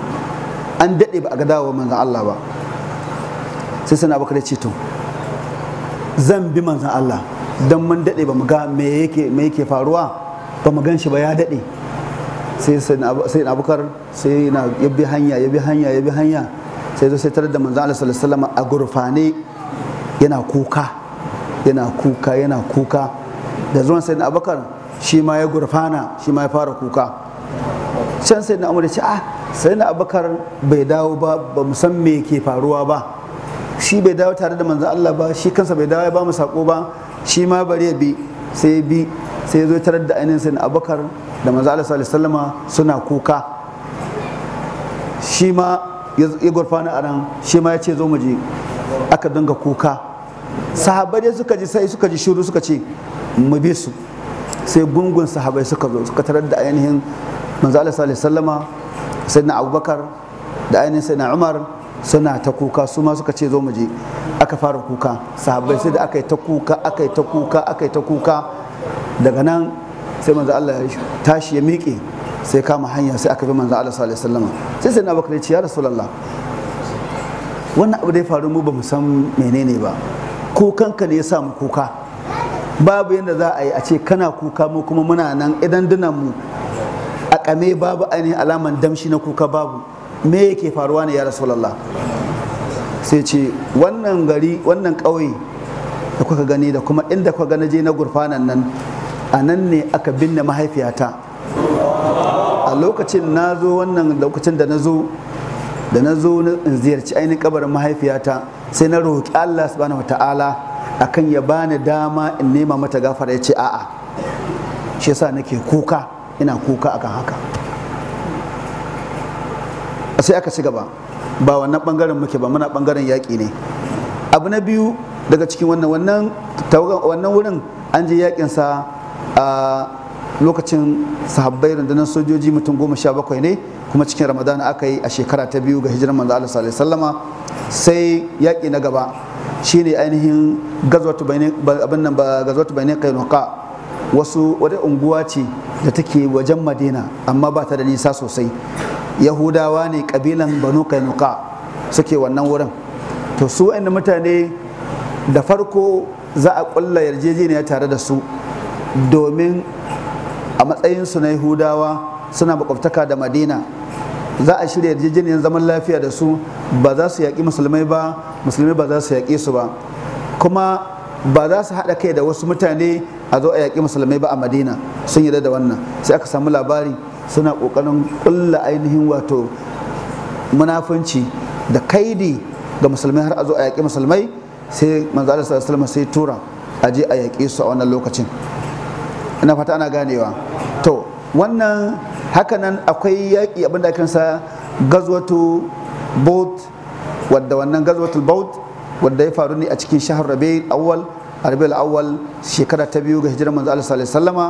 an daɗe ba a ga dawo manzan Allah ba sai sana bakar ce to zan bi manzan Allah don mun daɗe ba mu ga me yake me yake faruwa ba mu gan shi ba ya daɗe sai sai na bakar sai na yabi hanya yabi hanya yabi hanya sai zo sai tarar da manzo Allah sallallahu alaihi wasallam a gurfane yana kuka yana kuka yana kuka da zuwan na abakar shi ma ya gurfana shi ma ya fara kuka can na Umar ya ce ah na abakar bai dawo ba ba mu san me ke faruwa ba shi bai dawo tare da manzo Allah ba shi kansa bai dawo ya ba mu sako ba shi ma bari ya bi sai bi sai ya zo tarar da ainihin na abakar da manzo Allah sallallahu alaihi wasallama suna kuka shi ma ya gurfana a nan shi ma ya ce zo mu je aka dinga kuka sahabai suka ji sai suka ji shiru suka ce mu bi su sai gungun sahabai suka zo suka tarar da ainihin manzo Allah sallallahu alaihi wasallama Abubakar da ainihin na Umar suna ta kuka su ma suka ce zo mu je aka fara kuka Sahabai sai da aka yi ta kuka aka yi ta kuka aka yi ta kuka daga nan sai manzo Allah ya tashi ya miƙe sai kama hanya sai aka bi manzon Allah sallallahu alaihi wasallam sai sai na ya ya rasulullah wannan abu da ya faru mu ba mu san menene ba kukanka ne ya sa mu kuka babu yadda za a yi a ce kana kuka mu kuma muna nan idan dunan mu a kame babu ainihin alaman damshi na kuka babu me yake faruwa ne ya rasulullah sai ce wannan gari wannan ƙauye da kuka gani da kuma inda kuka gani je na gurfanan nan a nan ne aka binne mahaifiyata lokacin na zo wannan lokacin da na zo da na zo in ziyarci ainihin kabarin mahaifiyata sai na roƙi Allah subhanahu wata'ala akan ya bani dama in nema mata gafara ya ce a'a shi yasa nake kuka ina kuka akan haka sai aka ci gaba ba wannan bangaren muke ba muna bangaren yaƙi ne abu na biyu daga cikin wannan wannan wurin an je yaƙinsa a ah, lokacin sahabbai rundunar sojoji mutum goma sha bakwai ne kuma cikin ramadan aka yi a shekara ta biyu ga hijirar manzo Allah sallallahu alaihi sai yaƙi na gaba shine ainihin gazwatu bainin abin nan ba gazwatu bainin qainuqa wasu wata unguwa ce da take wajen madina amma ba ta da nisa sosai yahudawa ne kabilan banu qainuqa suke wannan wurin to su wa'annan mutane da farko za a kulla yarjejeniya tare da su domin a matsayin su na yahudawa suna makwabtaka da madina za a shirya yarjejeniyar zaman lafiya da su ba za su yaƙi musulmai ba musulmai ba za su yaƙi su ba kuma ba za su haɗa kai da wasu mutane a zo a yaƙi musulmai ba a madina sun yarda da wannan sai aka samu labari suna ƙoƙarin ƙulla ainihin wato munafunci da kaidi ga musulmai har a zo a yaƙi musulmai sai manzo Allah sallallahu alaihi wasallam sai tura a je a yaƙe su a wannan lokacin ina fata ana ganewa to wannan hakanan akwai yaƙi abinda kansa gazwatu baut wadda wannan gazwatu baut wadda ya faru ne a cikin shahar rabi'ul awwal rabi'ul awwal shekara ta biyu ga hijirar manzo Allah sallallahu alaihi wasallama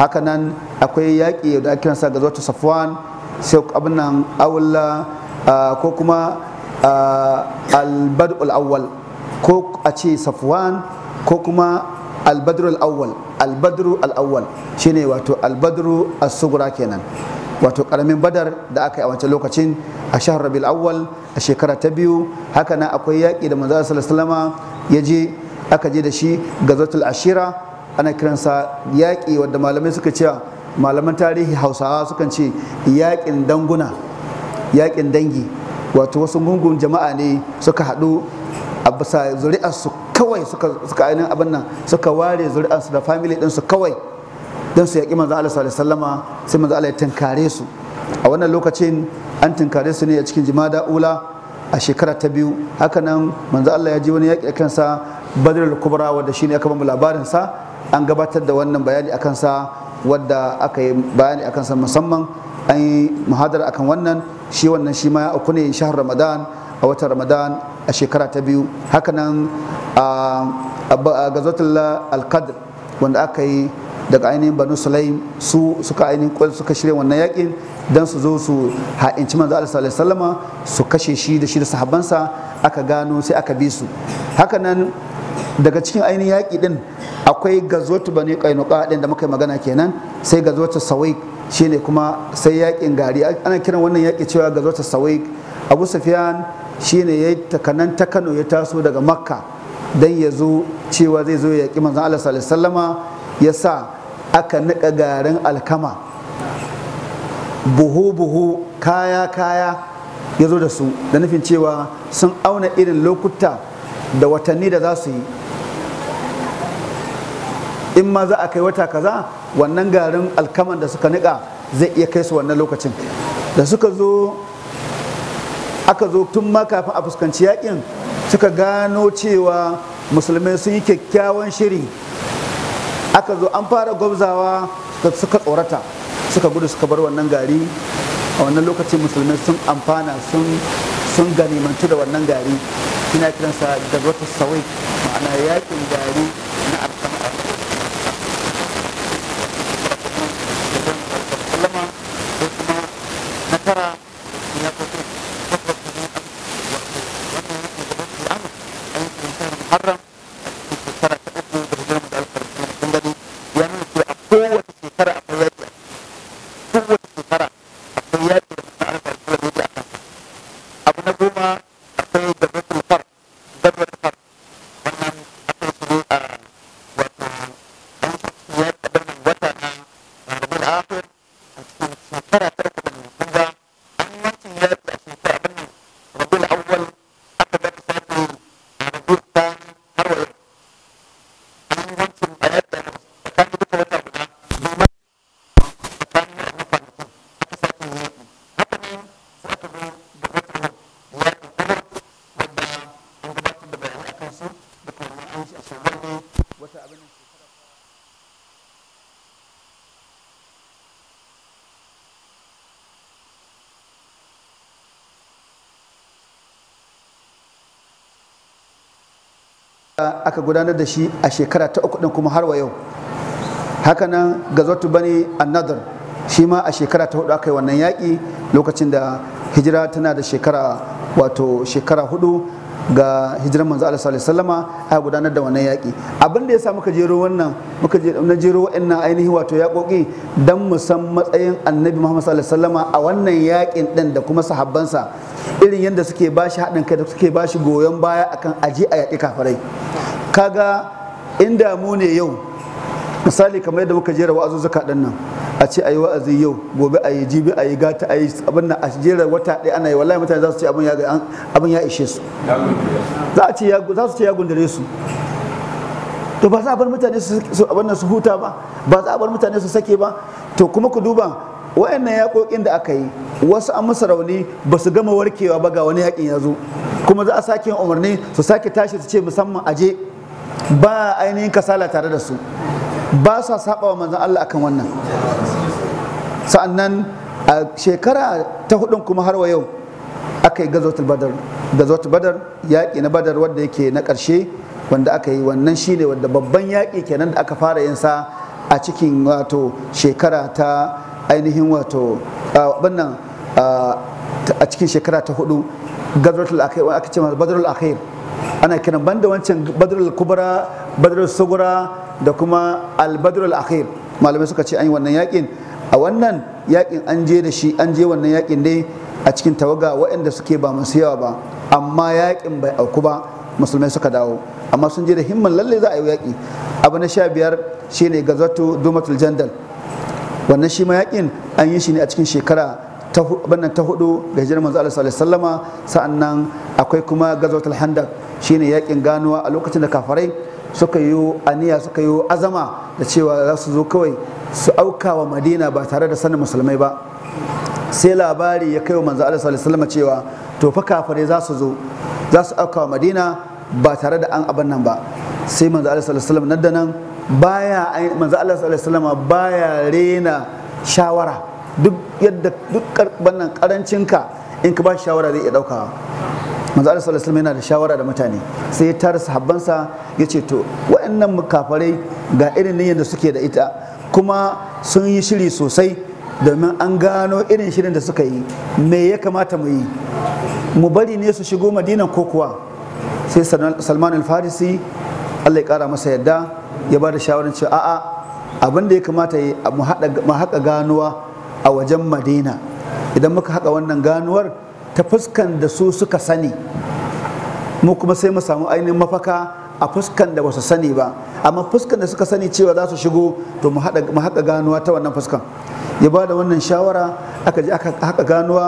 hakanan akwai yaƙi da ake kansa gazwatu safwan sai abin nan awla ko kuma al-bad'ul awwal ko a ce safwan ko kuma al-badrul awwal albadru al'awwal shine wato albadru as-sugra kenan wato karamin badar da aka yi a wancan lokacin a shahar rabi Al'awwal a shekara ta biyu haka na akwai yaƙi da manzo sallallahu ya je aka je da shi gazatul ashira ana kiransa yaƙi wadda malamai suka ce malaman tarihi hausawa suka ce yaƙin danguna yaƙin dangi wato wasu gungun jama'a ne suka haɗu a bisa zuri'arsu kawai suka ainihin abin nan suka ware zuri'ansu da family ɗinsu kawai don su yaƙi manzo Allah sallallahu alaihi wasallama sai manzo Allah ya tinkare su a wannan lokacin an tinkare su ne a cikin jimada ula a shekara ta biyu hakanan manzo Allah ya ji wani yaƙi kansa badrul kubra wanda shine aka bamu labarin sa an gabatar da wannan bayani akan sa wadda aka yi bayani akan sa musamman an yi muhadara akan wannan shi wannan shi ma ya uku ne shahar ramadan a watan ramadan a shekara ta biyu hakanan a gazatullah al wanda aka yi daga ainihin banu sulaim su suka ainihin kwal suka shirya wannan yakin don su zo su ha'inci manzo alisa su kashe shi da shi da sahabansa aka gano sai aka bi su hakanan daga cikin ainihin yaƙi din akwai gazotu bani qainuqa din da muka magana kenan sai gazotu sawaik shine kuma sai yaƙin gari ana kiran wannan yaki cewa gazotu sawaik abu sufyan shine ya takanan ta Kano ya taso daga makka dan ya zo cewa zai zo ya yaƙi manzon Allah sallallahu alaihi ya sa aka niƙa garin alkama buhu-buhu kaya-kaya ya zo da su da nufin cewa sun auna irin lokuta da watanni da za su yi in ma za a kai wata kaza wannan garin alkaman da suka niƙa zai iya kai su wannan lokacin da suka zo aka zo tun ma kafin a fuskanci yakin suka gano cewa musulmai sun yi kyakkyawan shiri aka zo an fara gwabzawa suka tsorata suka gudu suka bar wannan gari a wannan lokacin musulmai sun amfana sun ganimantu da wannan gari suna kiransa da wata sawai ma'ana yakin gari aka gudanar da shi a shekara ta uku din kuma har wa yau hakanan gazwatu bani another shi ma a shekara ta hudu aka yi wannan yaƙi lokacin da hijira tana da shekara wato shekara hudu ga hijirar manzo Allah sallallahu alaihi wasallama a gudanar da wannan yaƙi abin da yasa muka jero wannan muka na jero wa'annan ainihin wato yaƙoƙi dan mu san matsayin annabi Muhammad sallallahu alaihi wasallama a wannan yaƙin din da kuma sahabbansa irin yadda suke bashi haɗin kai da suke bashi goyon baya akan aji a yaƙi kafirai kaga inda mu ne yau misali kamar yadda muka jera wa'azuzzuka ɗan nan a ce a yi wa'azi yau gobe a yi jibi a yi gata a yi abin nan a jera wata ɗaya ana yi wallahi mutane za su ce abin ya ishe su za su ce ya gundare su to ba za a bar mutane su abin nan su huta ba ba za a bar mutane su sake ba to kuma ku duba ya yaƙoƙin da aka yi wasu an musu rauni ba su gama warkewa ba ga wani yaƙin ya zo kuma za a sake umarni su sake tashi su ce musamman aje ba ainihin kasala tare da su ba sa saba wa manzan Allah akan wannan sa'annan a shekara ta hudun kuma har wa yau aka yi gazotul badar gazotul badar yaƙi na badar wanda yake na ƙarshe wanda aka yi wannan shine wanda babban yaƙi kenan da aka fara yin sa a cikin wato shekara ta ainihin wato wannan a cikin shekara ta hudu gazotul akhir aka ce badrul akhir ana kiran banda wancan badrul kubra badrul sugura da kuma al badrul akhir malamai suka ce an yi wannan yakin a wannan yakin an je da shi an je wannan yakin ne a cikin tawaga waɗanda suke ba masu yawa ba amma yakin bai auku ba musulmai suka dawo amma sun je da himman lalle za a yi yaƙi abu na sha biyar shine gazatu dumatul jandal wannan shi ma yakin an yi shi ne a cikin shekara ta bannan ta hudu da hijirar manzo Allah sallallahu alaihi wasallama sa'annan akwai kuma gazwatul Shi shine yakin ganuwa a lokacin da kafarai suka yi aniya suka yi azama da cewa za su zo kawai su auka wa madina ba tare da sanin musulmai ba sai labari ya kai wa manzo Allah sallallahu alaihi cewa to fa kafarai za su zo za su auka wa madina ba tare da an abin nan ba sai manzo Allah sallallahu alaihi nan da nan baya manzo Allah sallallahu alaihi baya rena shawara duk yadda duk wannan karancinka in ka ba shawara zai iya ɗauka. manzo Allah sallallahu alaihi yana da shawara da mutane sai ya tara sahabbansa ya ce to waɗannan mukafarai ga irin niyyar da suke da ita kuma sun yi shiri sosai domin an gano irin shirin da suka yi me ya kamata mu yi mu bari ne su shigo madina ko kuwa sai salman al-farisi Allah ya kara masa yadda ya ba da shawarar cewa a'a abin da ya kamata mu haɗa ganuwa a wajen madina idan muka haka wannan ganuwar ta fuskan da su suka sani mu kuma sai mu samu ainihin mafaka a fuskan da basu sani ba amma fuskan da suka sani cewa za su shigo to mu haka ganuwa ta wannan fuskan ya ba da wannan shawara aka je aka haƙa ganuwa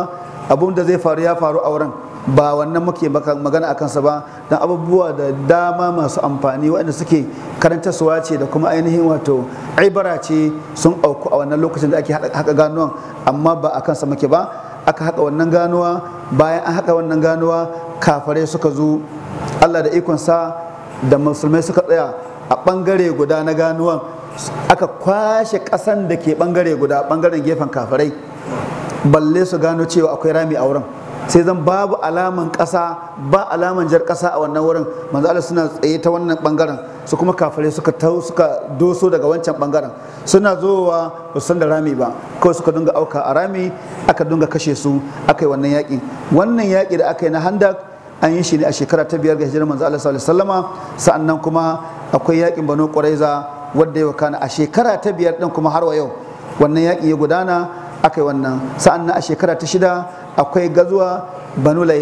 abun da zai faru ya faru a wurin ba wannan muke magana a kansa ba don abubuwa da dama masu amfani waɗanda suke karantarsuwa ce da kuma ainihin wato Aibara ce sun auku a wannan lokacin da ake haka ganuwan amma ba a kansa muke ba aka haka wannan ganuwa bayan an haka wannan ganuwa kafare suka zo allah da ikonsa da musulmai suka tsaya a ɓangare guda na ganuwan aka kwashe ƙasan da ke ɓangare guda ɓangaren gefen kafarai balle su gano cewa akwai rami a wurin sai zan babu alaman ƙasa ba alaman jar ƙasa a wannan wurin manzo Allah suna tsaye ta wannan bangaren su kuma kafare suka tau suka doso daga wancan bangaren suna zowa ba san da rami ba kawai suka dunga auka a rami aka dunga kashe su aka wannan yaƙi wannan yaƙi da aka yi na handak an yi shi ne a shekara ta biyar ga hijirar manzo Allah sallallahu alaihi wasallama sa'annan kuma akwai yaƙin Banu Quraiza wanda ya wakana a shekara ta biyar din kuma har wa yau wannan yaƙi ya gudana aka yi wannan sa'an nan a shekara ta shida akwai gazuwa banu ah,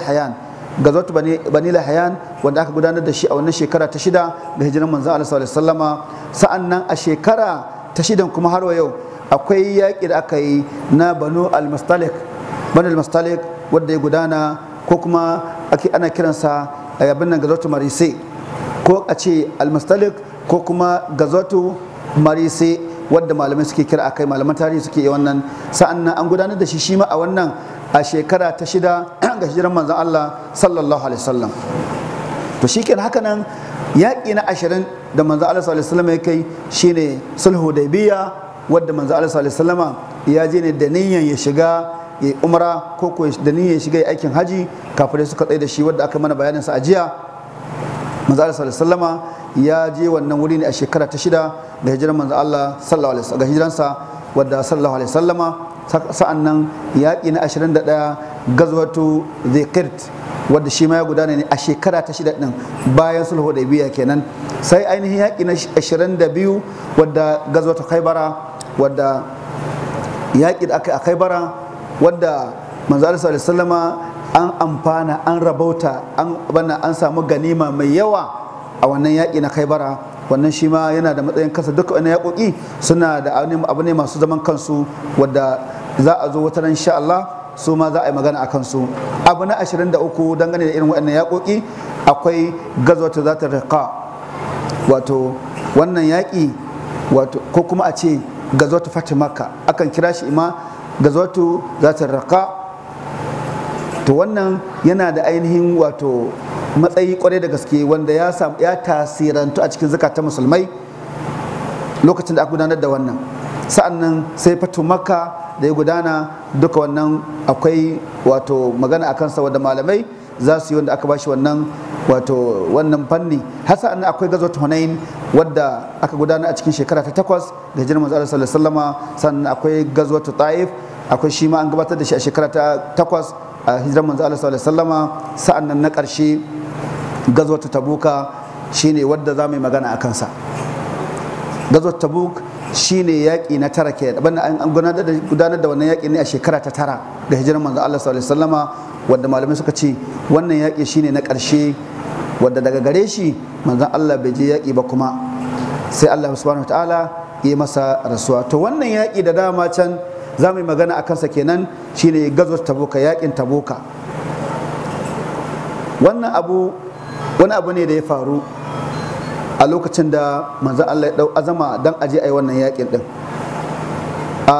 hayan gazotu bani hayan wanda aka gudanar da shi a wannan shekara ta shida ga hijiran manzan Allah sallallahu sa'an nan a shekara ta shidan kuma har yau akwai yaƙi da aka yi na banu al-mustalik banu wanda ya gudana ko kuma ana kiransa a eh, yabin nan gazotu marise ko a ce al-mustalik ko kuma gazotu marise wadda malamai suke kira a kai malaman tarihi suke yi wannan sa'an nan an gudanar da shi shi ma a wannan a shekara ta shida ga hijiran manzan Allah sallallahu alaihi wasallam to shikenan haka nan yaƙi na ashirin da manzan Allah sallallahu alaihi wasallam ya kai ne sulhu daibiya wadda manzo Allah sallallahu alaihi ya je ne da ya shiga ya umra ko ko da niyyar ya shiga aikin haji kafirai suka tsaye da shi wadda aka mana bayanin sa a jiya manzo Allah sallallahu alaihi wasallama ya je wannan wuri ne a shekara ta shida da hijiran manzo Allah sallallahu alaihi wasallam ga hijiransa wadda sallallahu alaihi wasallama sa'an nan yaƙi na 21 gazwatu zikirt wadda shi ma ya gudana ne a shekara ta shida din bayan sulhu da biya kenan sai ainihin yaƙi na 22 wadda gazwatu khaybara wadda yaƙi da aka a khaybara wadda manzo Allah sallallahu alaihi wasallama an amfana an rabauta an bana an samu ganima mai yawa a wannan yaƙi na khaibara wannan shi ma yana da matsayin kansa duka wani yaƙoƙi suna da abu ne masu zaman kansu wadda za a zo wata nan sha Allah su ma za a yi magana a kansu abu na 23 dangane da irin waɗannan yaƙoƙi akwai gazwata za ta riƙa wato wannan yaƙi wato ko kuma a ce gazwatu fatimaka akan kira shi ima gazwatu za ta riƙa to wannan yana da ainihin wato matsayi kwarai da gaske wanda ya ya tasirantu a cikin zakatan musulmai lokacin da aka gudanar da wannan sa'annan sai fatu makka da ya gudana duka wannan akwai wato magana a kansa wanda malamai za su yi wanda aka bashi wannan wato wannan fanni har sa'annan akwai gazwat hunain wadda aka gudana a cikin shekara ta takwas da jirgin manzo sallallahu alaihi wasallama sannan akwai gazwat ta'if akwai shi ma an gabatar da shi a shekara ta takwas a hijirar manzo sallallahu alaihi wasallama sa'annan na ƙarshe ta tabuka shine wadda za mu yi magana a kansa ta tabuk shine yaƙi na tara ke banda an gudanar da wannan yaƙi ne a shekara ta tara da hijiran manzo Allah sallallahu alaihi wasallama wanda malamai suka ce wannan yaƙi shine na ƙarshe wanda daga gare shi manzon Allah bai je yaƙi ba kuma sai Allah subhanahu wataala ya masa rasuwa to wannan yaƙi da dama can za mu yi magana a kansa kenan shine ta tabuka yaƙin tabuka wannan abu wani abu ne da ya faru a lokacin da manzan Allah ya dau azama dan aje ai wannan yakin din a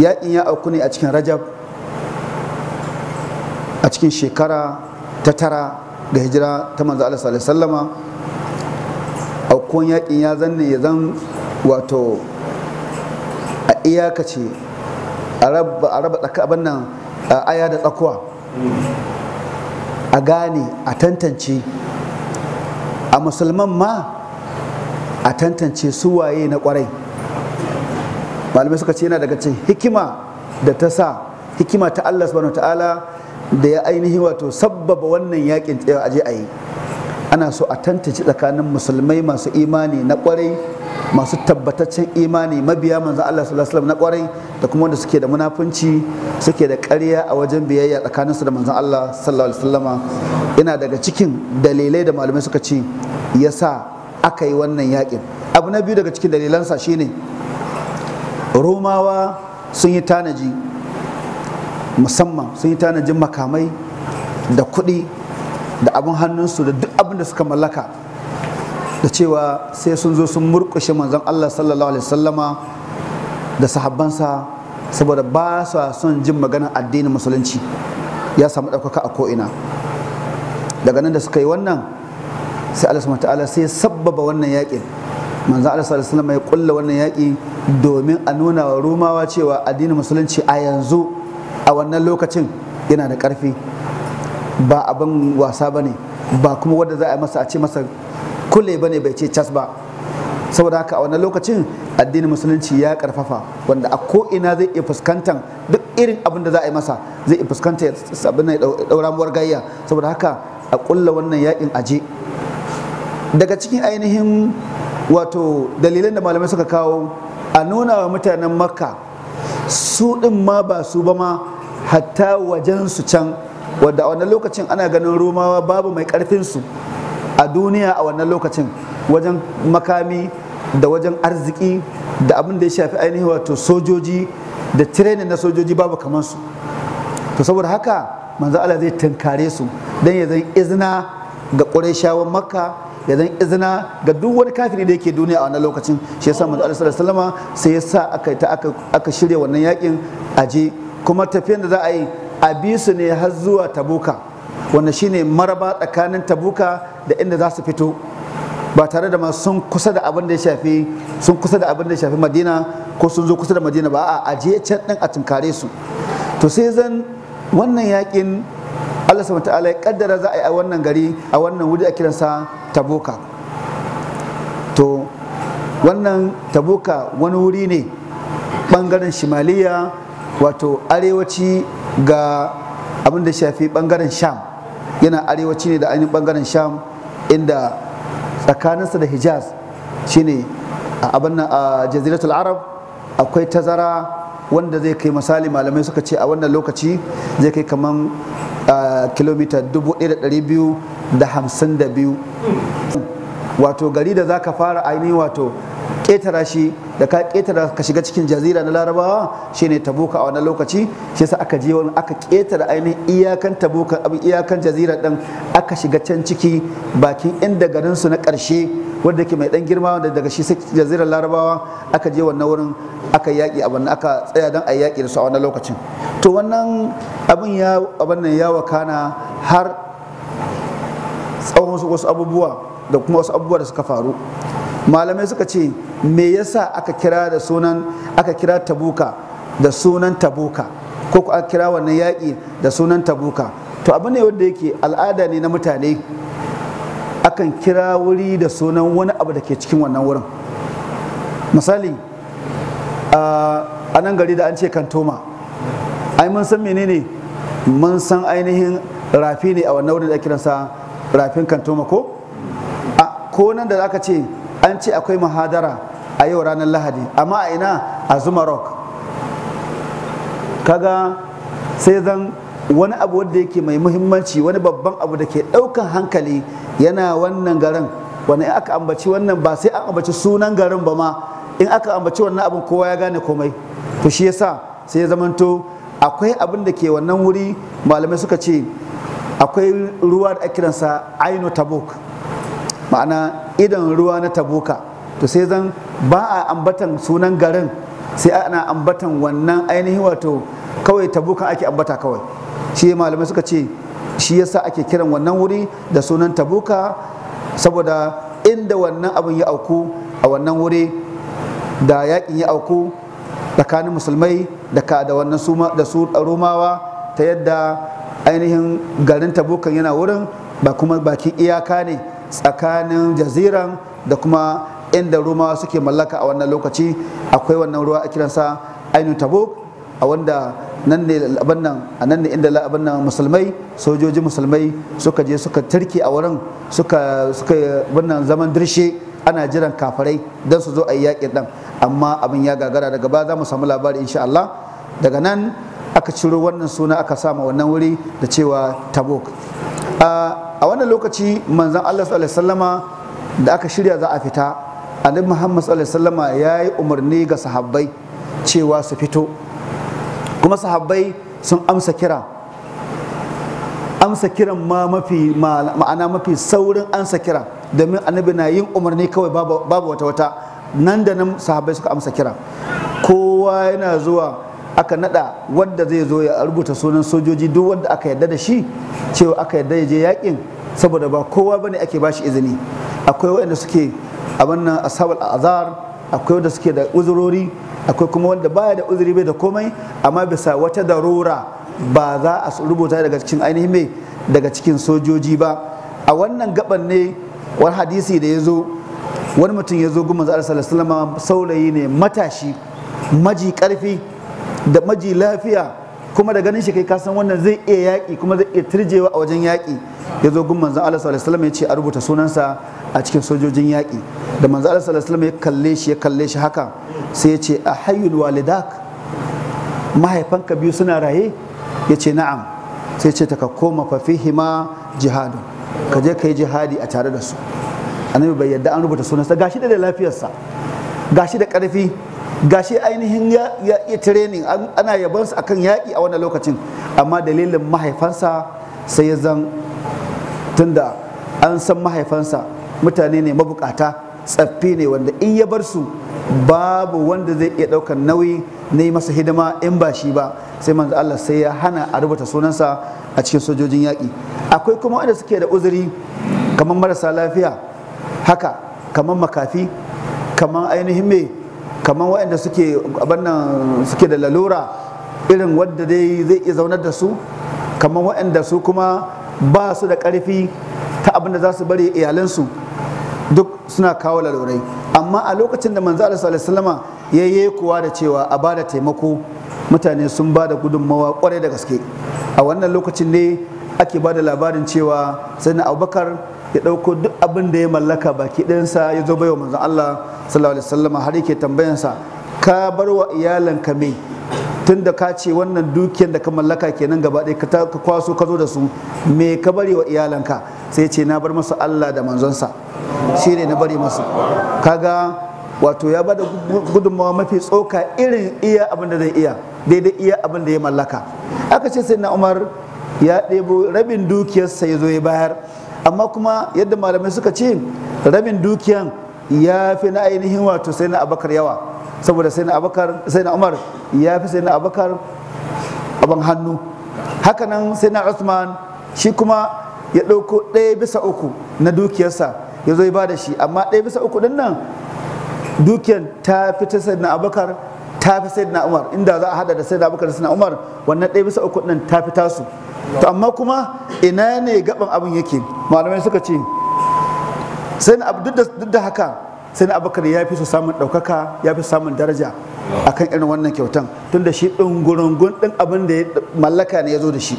yakin ya auku ne a cikin Rajab a cikin shekara ta tara ga hijira ta manzo Allah sallallahu alaihi wasallama aukuwan yakin ya zanne ya zan wato a iyakace a raba tsaka abin nan aya da tsakuwa a gane a tantance a musulman ma a tantance su waye na kwarai malamai suka ce yana daga cikin hikima da ta sa hikima ta Allah subhanahu ta'ala da ya ainihi wato sabbaba wannan yakin tsaye eh, aje a yi ana so a tantance tsakanin musulmai masu imani na kwarai masu tabbataccen imani mabiya manzan Allah sallallahu alaihi wasallam na kwarai da kuma wanda suke da munafunci suke da ƙarya a wajen biyayya tsakaninsu da manzan Allah sallallahu alaihi wasallama yana daga cikin dalilai da malamai suka ce yasa aka yi wannan yakin abu na biyu daga cikin dalilansa shine romawa sun yi tanaji musamman sun yi tanajin makamai da kuɗi da abin hannunsu da duk abin da suka mallaka da cewa sai sun zo sun murƙushe manzon Allah sallallahu alaihi wasallama da sahabbansa saboda ba sa son jin maganar addinin musulunci ya samu ɗaukaka a ko'ina daga nan da suka yi wannan sai Allah subhanahu ta'ala sai sabbaba wannan yaƙin manzon Allah sallallahu alaihi wasallama ya kulla wannan yaƙi domin a nuna wa rumawa cewa addinin musulunci a yanzu a wannan lokacin yana da ƙarfi ba abin wasa bane ba kuma wanda za a masa a ce masa kule ne bai ce cas ba saboda haka a wannan lokacin addinin musulunci ya karfafa wanda a koina ina zai iya fuskantar duk irin abin da za a yi masa zai iya fuskantar sabbin da gayya saboda haka a kulla wannan yakin aje daga cikin ainihin wato dalilan da malamai suka kawo a nuna wa mutanen makka su ɗin ma ba su ba ma hatta wajen su can wadda a wannan lokacin ana ganin romawa babu mai karfin a duniya a wannan lokacin wajen makami da wajen arziki da abin da ya shafi ainihin wato sojoji da tirenin na sojoji babu kamar su to saboda haka manzo Allah zai tunkare su dan ya zan izina ga Qurayshawan Makka ya zan izina ga duk wani kafiri da yake duniya a wannan lokacin shi yasa manzo Allah sallallahu alaihi wasallama sai yasa aka ta aka aka shirya wannan yakin aje kuma tafiyan da za a yi a bi ne har zuwa Tabuka wanda shine maraba tsakanin tabuka da inda za su fito ba tare da masu sun kusa da abin da ya shafi sun kusa da abin da ya shafi madina ko sun zo kusa da madina ba a ajiye can ɗin a tunkare su to sai zan wannan yakin Allah subhanahu ta'ala ya kaddara za a yi a wannan gari a wannan wuri a kiransa tabuka to wannan tabuka wani wuri ne bangaren shimaliya wato arewaci ga abin da shafi bangaren sham yana arewaci ne da ainihin bangaren sham inda tsakaninsa da hijaz shine a jaziratul arab akwai tazara wanda zai kai misali malamai suka ce a wannan lokaci zai kai kamar kilomita 1252 wato gari da za ka fara ainihin wato ƙetara shi da ka ƙetara ka shiga cikin jazira na larabawa shine tabuka a wannan lokaci shi yasa aka je wani aka ƙetara ainihin iyakan tabuka abin iyakan jazira ɗin aka shiga can ciki bakin inda garin su na ƙarshe wanda ke mai ɗan girma wanda daga shi jazira larabawa aka je wannan wurin aka yaƙi a wannan aka tsaya don a yaƙi da su a wannan lokacin to wannan abin ya abin nan ya wakana har tsawon wasu abubuwa da kuma wasu abubuwa da suka faru malamai suka ce me yasa aka kira da sunan aka kira tabuka da sunan tabuka ko ku aka kira wannan yaƙi da sunan tabuka to abu ne wanda yake al'ada ne na mutane akan kira wuri da sunan wani abu da ke cikin wannan wurin misali a nan gari da an ce kantoma ai mun san menene mun san ainihin rafi ne a wannan wurin da kiransa rafin kantoma ko ko nan da zaka ce an ce akwai muhadara a yau ranar lahadi amma a ina a zuma rock kaga sai zan wani abu wanda yake mai muhimmanci wani babban abu da ke ɗaukan hankali yana wannan garin wani in aka ambaci wannan ba sai an ambaci sunan garin ba ma in aka ambaci wannan abin kowa ya gane komai to shi yasa sai ya zamanto akwai abin da ke wannan wuri malamai suka ce akwai ruwa da kiransa aino tabuk ma'ana idan ruwa na tabuka to sai zan ba a ambatan sunan garin sai ana ambatan wannan ainihin wato kawai tabukan ake ambata kawai shi malamai suka ce shi yasa ake kiran wannan wuri da sunan tabuka saboda inda wannan abin ya auku a wannan wuri da yakin ya auku tsakanin musulmai da ka da wannan da su romawa ta yadda ainihin garin tabukan yana wurin ba kuma bakin iyaka ne tsakanin jaziran da kuma inda rumawa suke mallaka a wannan lokaci akwai wannan ruwa a kiransa ainihin tabuk a wanda nan ne a nan ne inda laban musulmai sojoji musulmai suka je suka turke a wurin suka suka wannan zaman dirshe ana jiran kafarai don su zo a yi yaƙin ɗan amma abin ya gagara daga ba za mu samu labari insha Allah daga nan aka ciro wannan suna aka sama wannan wuri da cewa tabuk a wannan lokaci manzan Allah sallallahu alaihi wasallama da aka shirya za a fita annabi Muhammad sallallahu alaihi wasallama ya yi umarni ga sahabbai cewa su fito kuma sahabbai sun amsa kira amsa kiran ma mafi ma'ana mafi saurin amsa kira domin annabi na yin umarni kawai babu wata wata nan da nan sahabbai suka amsa kira kowa yana zuwa aka nada wanda zai zo ya rubuta sunan sojoji duk wanda aka yarda da shi cewa aka yarda ya je yakin saboda ba kowa bane ake bashi izini akwai waɗanda suke a wannan asabar azar akwai wanda suke da uzurori akwai kuma wanda baya da uzuri bai da komai amma bisa wata darura ba za a rubuta daga cikin ainihin mai daga cikin sojoji ba a wannan gaban ne wani hadisi da ya zo wani mutum ya zo gumman sallallahu alaihi saurayi ne matashi maji karfi da maji lafiya kuma da ganin shi kai kasan wannan zai iya yaƙi kuma zai iya turjewa a wajen yaƙi ya zo gun manzan Allah sallallahu alaihi ya ce a rubuta sunansa a cikin sojojin yaƙi da manzan Allah sallallahu alaihi ya kalle shi ya kalle shi haka sai ya ce a hayyul walidak mahaifanka biyu suna raye ya ce na'am sai ce ta ka koma fa ma jihadu ka je ka jihadi a tare da su annabi bai yadda an rubuta sunansa gashi da lafiyarsa gashi da ƙarfi gashi ainihin ya iya training ana su akan yaƙi a wannan lokacin amma dalilin mahaifansa sai ya zan tunda an san mahaifansa mutane ne mabukata tsaffi ne wanda in ya bar su babu wanda zai iya ɗaukar nauyi na yi masa hidima in ba shi ba sai manzo Allah sai ya hana a rubuta sunansa a cikin sojojin yaƙi akwai kuma wanda suke da uzuri kamar marasa lafiya haka kamar makafi kamar ainihin mai kamar waɗanda suke abannan suke da lalura irin wadda dai zai iya zaunar da su kamar waɗanda su kuma ba su da ƙarfi ta abin da za su bari iyalansu duk suna kawo lalurai amma a lokacin da manzo Allah sallallahu ya yi kuwa da cewa a bada taimako mutane sun bada gudunmawa kwarai da gaske a wannan lokacin ne ake bada labarin cewa sai na abubakar ya ɗauko duk abin da ya mallaka baki ɗinsa ya zo baiwa manzon Allah sallallahu alaihi wasallam har yake tambayansa ka bar wa iyalanka me tunda ka ce wannan dukiyar da ka mallaka kenan gaba ɗaya ka kwaso ka zo da su me ka bari wa iyalanka sai ce na bar masa Allah da manzonsa shi ne na bari masa kaga wato ya bada gudunmawa mafi tsoka irin iya abin da zai iya daidai iya abin da ya mallaka aka ce sai na umar ya ɗebo rabin dukiyarsa ya zo ya bayar amma kuma yadda malamai suka ce rabin dukiyan ya fi na ainihin wato sai na abakar yawa saboda sai na abakar sai na umar ya fi sai na abakar abin hannu hakanan sai na usman shi kuma ya ɗauko ɗaya bisa uku na dukiyarsa ya zo ya ba da shi amma ɗaya bisa uku ɗin nan dukiyan ta fi ta sai na abakar ta fi na umar inda za a hada da da abubakar suna umar wannan ɗaya bisa uku nan ta fita su. to amma kuma ina ne gaban abin yake malamai suka ce sai duk da haka sai na Abakar ya fi su samun ɗaukaka ya fi samun daraja a kan irin wannan kyautan tun da shi ɗungurungun ɗin abin da ya mallaka ne ya zo da shi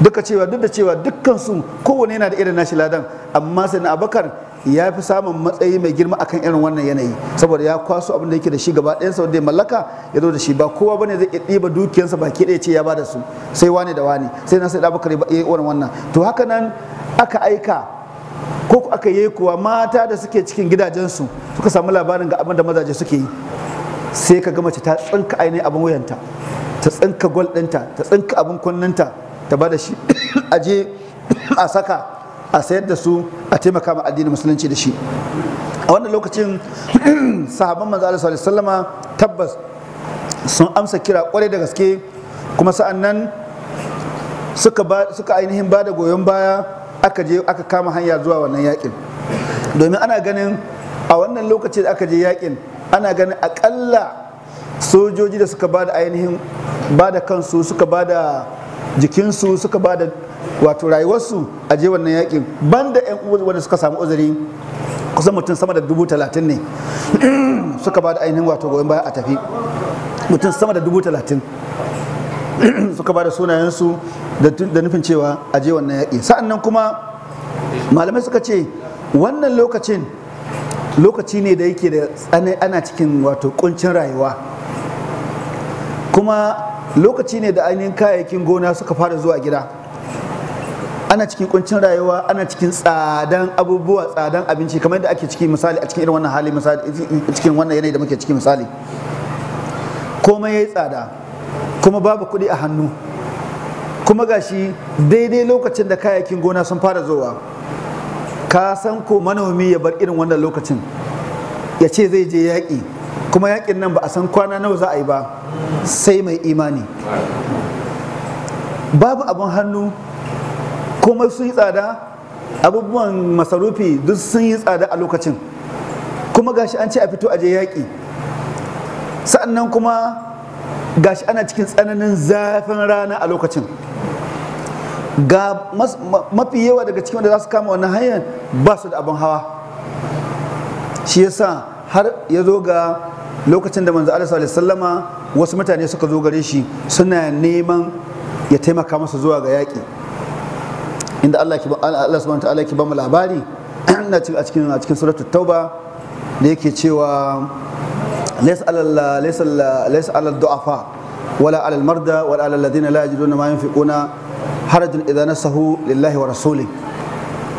duka cewa duk da cewa dukkan su kowane yana da irin nashi ladan amma sai na Abakar. ya fi samun matsayi mai girma akan irin wannan yanayi saboda ya kwaso abin da yake da shi gaba ɗayan sa wanda ya mallaka ya zo da shi ba kowa bane zai ɗiba dukiyarsa baki ɗaya ce ya bada su sai wane da wane sai na sai abubakar ya yi irin wannan to haka nan aka aika ko aka yi kuwa mata da suke cikin gidajensu suka samu labarin ga abin da mazaje suke yi sai ka ga mace ta tsinka ainihin abin wuyanta ta tsinka gwal ɗinta ta tsinka abin kunninta ta ba da shi aje a saka a sayar da su a taimaka ma addinin musulunci da shi a wannan lokacin sahabban manzo Allah sallallahu alaihi wasallama tabbas sun amsa kira kware da gaske kuma sa'an nan suka ainihin ba da goyon baya aka je aka kama hanya zuwa wannan yakin domin ana ganin a wannan lokacin da aka je yakin ana ganin akalla sojoji da suka ba da ainihin ba da kansu suka ba da jikinsu suka ba da wato rayuwarsu a je wannan yakin banda yan uwa wanda suka samu uzuri kusan mutum sama da dubu talatin ne suka ba da ainihin wato goyon baya a tafi mutum sama da dubu talatin suka ba da sunayensu da nufin cewa a je wannan yaƙi sa'an nan kuma malamai suka ce wannan lokacin lokaci ne da yake da ana cikin wato kuncin rayuwa kuma lokaci ne da ainihin kayayyakin gona suka fara zuwa gida ana cikin kuncin rayuwa ana cikin tsadan abubuwa tsadan abinci kamar yadda ake ciki misali a cikin irin wannan hali misali cikin wannan yanayi da muke ciki misali komai yayi tsada kuma babu kuɗi a hannu kuma gashi daidai lokacin da kayayyakin gona sun fara zowa ka san ko manomi ya bar irin wannan lokacin ya ce zai je yaƙi kuma yaƙin nan ba a san kwana nawa za a yi ba sai mai imani babu abin hannu komai sun yi tsada abubuwan masarufi duk sun yi tsada a lokacin kuma gashi an ce a fito aje yaƙi sa'annan kuma gashi ana cikin tsananin zafin rana a lokacin ga mafi yawa daga cikin wanda za su kama wannan hanyar ba su da abin hawa shi yasa har ya zo ga lokacin da manzo alaihi sallama wasu mutane suka zo gare shi suna neman ya taimaka masa zuwa ga yaƙi inda Allah ki Allah subhanahu ta'ala yake ba mu labari ina a cikin a cikin suratul tauba da yake cewa laysa alal laysa laysa alal du'afa wala alal marda wala alal ladina la yajiduna ma yunfiquna harajan idza nasahu lillahi wa rasuli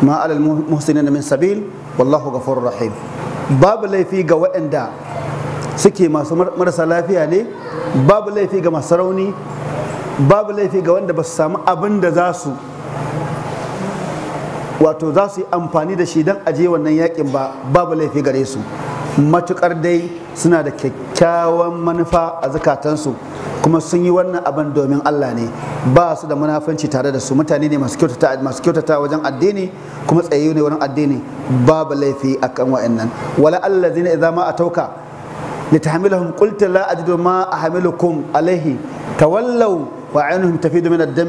ma alal muhsinina min sabil wallahu ghafurur rahim babu laifi ga waɗanda suke masu marasa lafiya ne babu laifi ga masu rauni babu laifi ga wanda ba su samu abin da za su wato za su yi amfani da shi don aje wannan yakin ba babu laifi gare su matukar dai suna da kyakkyawan manufa a zukatansu kuma sun yi wannan abin domin Allah ne ba su da munafanci tare da su mutane ne masu kyautata wajen addini kuma tsaye ne wurin addini babu laifi a akan wa'annan wala zina idza ma atauka litahmilahum qulta la ajidu ma ahmilukum alaihi tawallaw وعينهم تفيد من الدم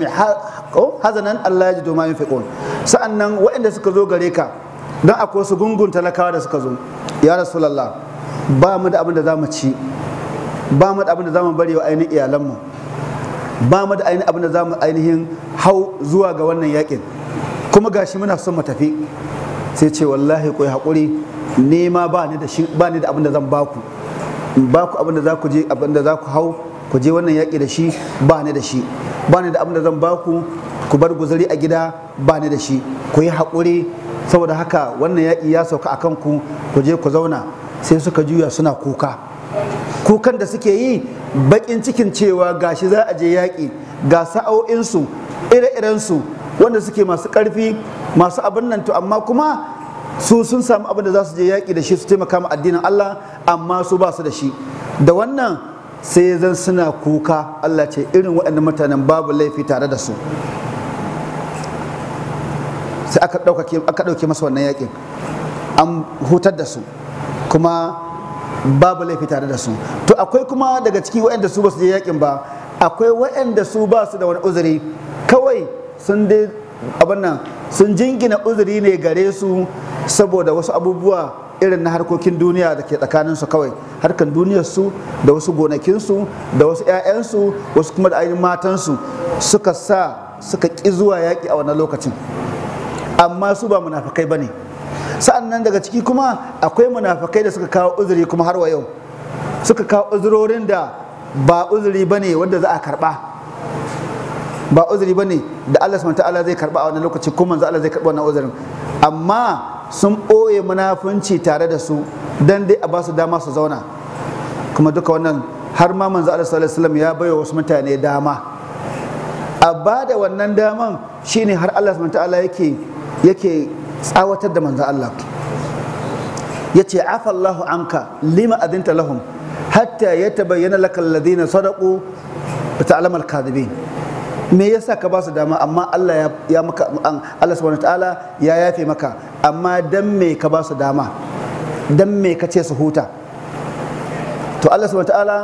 حزنا الله يجد ما ينفقون sa'annan waɗanda suka zo gare ka don akwai su gungun talakawa da suka zo ya rasulallah ba mu da abin da za mu ci ba mu da abin da za mu bari wa ainihin iyalanmu ba mu da ainihin abin da za mu ainihin hau zuwa ga wannan yakin kuma gashi muna son mu tafi sai ce wallahi hakuri, haƙuri ma ba ni da abin da zan baku ku, abin da za ku je abin da za ku hau ku je wannan yaƙi da shi ba ni da shi ba ni da abin da zan baku ku bar guzuri a gida ba ni da shi ku yi haƙuri saboda haka wannan yaƙi ya sauka a kanku ku je ku zauna sai suka juya suna kuka kukan da suke yi baƙin cikin cewa gashi za a je yaƙi ga sa'o'insu ire-irensu wanda suke masu ƙarfi masu abin nan to amma kuma su sun samu abin da za su je yaƙi da shi su taimaka ma addinin Allah amma su ba su da shi da wannan sai zan suna kuka Allah ce irin waɗannan mutanen babu laifi tare da su sai aka ɗauke masa wannan yakin an hutar da su kuma babu laifi tare da su to akwai kuma daga ciki waɗanda su ba su je yakin ba akwai waɗanda su ba su da wani uzuri kawai sun dai abin nan sun jingina uzuri ne gare su saboda wasu abubuwa irin na harkokin duniya da ke tsakaninsu kawai harkan duniyarsu da wasu gonakinsu da wasu 'ya'yansu wasu kuma da ainihin matansu suka sa suka ƙi zuwa yaƙi a wannan lokacin amma su ba munafakai ba ne sa'an nan daga ciki kuma akwai munafakai da suka kawo uzuri kuma har wa yau suka kawo uzurorin da ba uzuri ba ne wanda za a karɓa ba uzuri ba ne da Allah subhanahu ta'ala zai karɓa a wannan lokaci kuma manzo Allah zai karɓa wannan uzurin amma sun ɓoye munafunci tare da su don dai a ba su dama su zauna kuma duka wannan har ma manzo Allah ya baiwa wasu mutane dama a ba da wannan daman shine har Allah subhanahu ta'ala yake yake tsawatar da manzo Allah yace afa Allahu anka lima adinta lahum hatta yatabayyana lakal ladina sadaqu wa ta'lamu al-kadhibin me yasa ka ba su dama amma Allah ya maka ta'ala ya yafe maka amma dan me ka ba su dama dan me ka ce su huta to Allah subhanahu ta'ala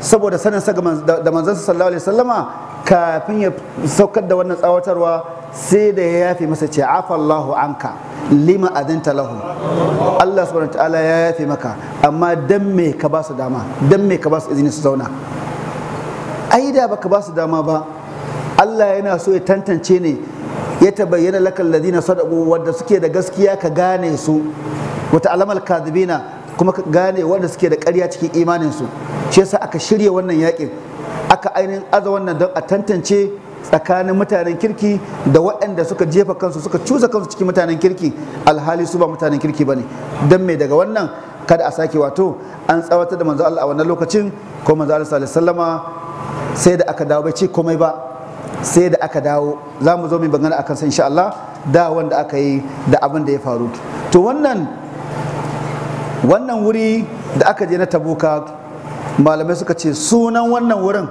saboda sanin sa da manzon sallallahu alaihi wasallama kafin ya saukar da wannan tsawatarwa sai da ya yafe masa ce afallahu anka lima adanta talahu!" Allah subhanahu ta'ala ya yafe maka amma dan me ka ba su dama dan me ka ba su izini su zauna ai da baka ba su dama ba Allah yana so ya tantance ne ya tabayyana lakal ladina sadaqu wanda suke da gaskiya ka gane su wata alamal kadhibina kuma ka gane wanda suke da ƙarya cikin imanin su shi yasa aka shirya wannan yakin aka ainihin aza wannan don a tantance tsakanin mutanen kirki da waɗanda suka jefa kansu suka cusa kansu cikin mutanen kirki alhali su ba mutanen kirki bane dan me daga wannan kada a sake wato an tsawatar da manzo Allah a wannan lokacin ko manzo Allah sallallahu alaihi wasallama sai da aka dawo bai ce komai ba sai da aka dawo za mu zo mu bangana a san insha Allah da wanda aka yi da abin da ya faru to wannan wannan wuri da aka je na tabuka malamai suka ce sunan wannan wurin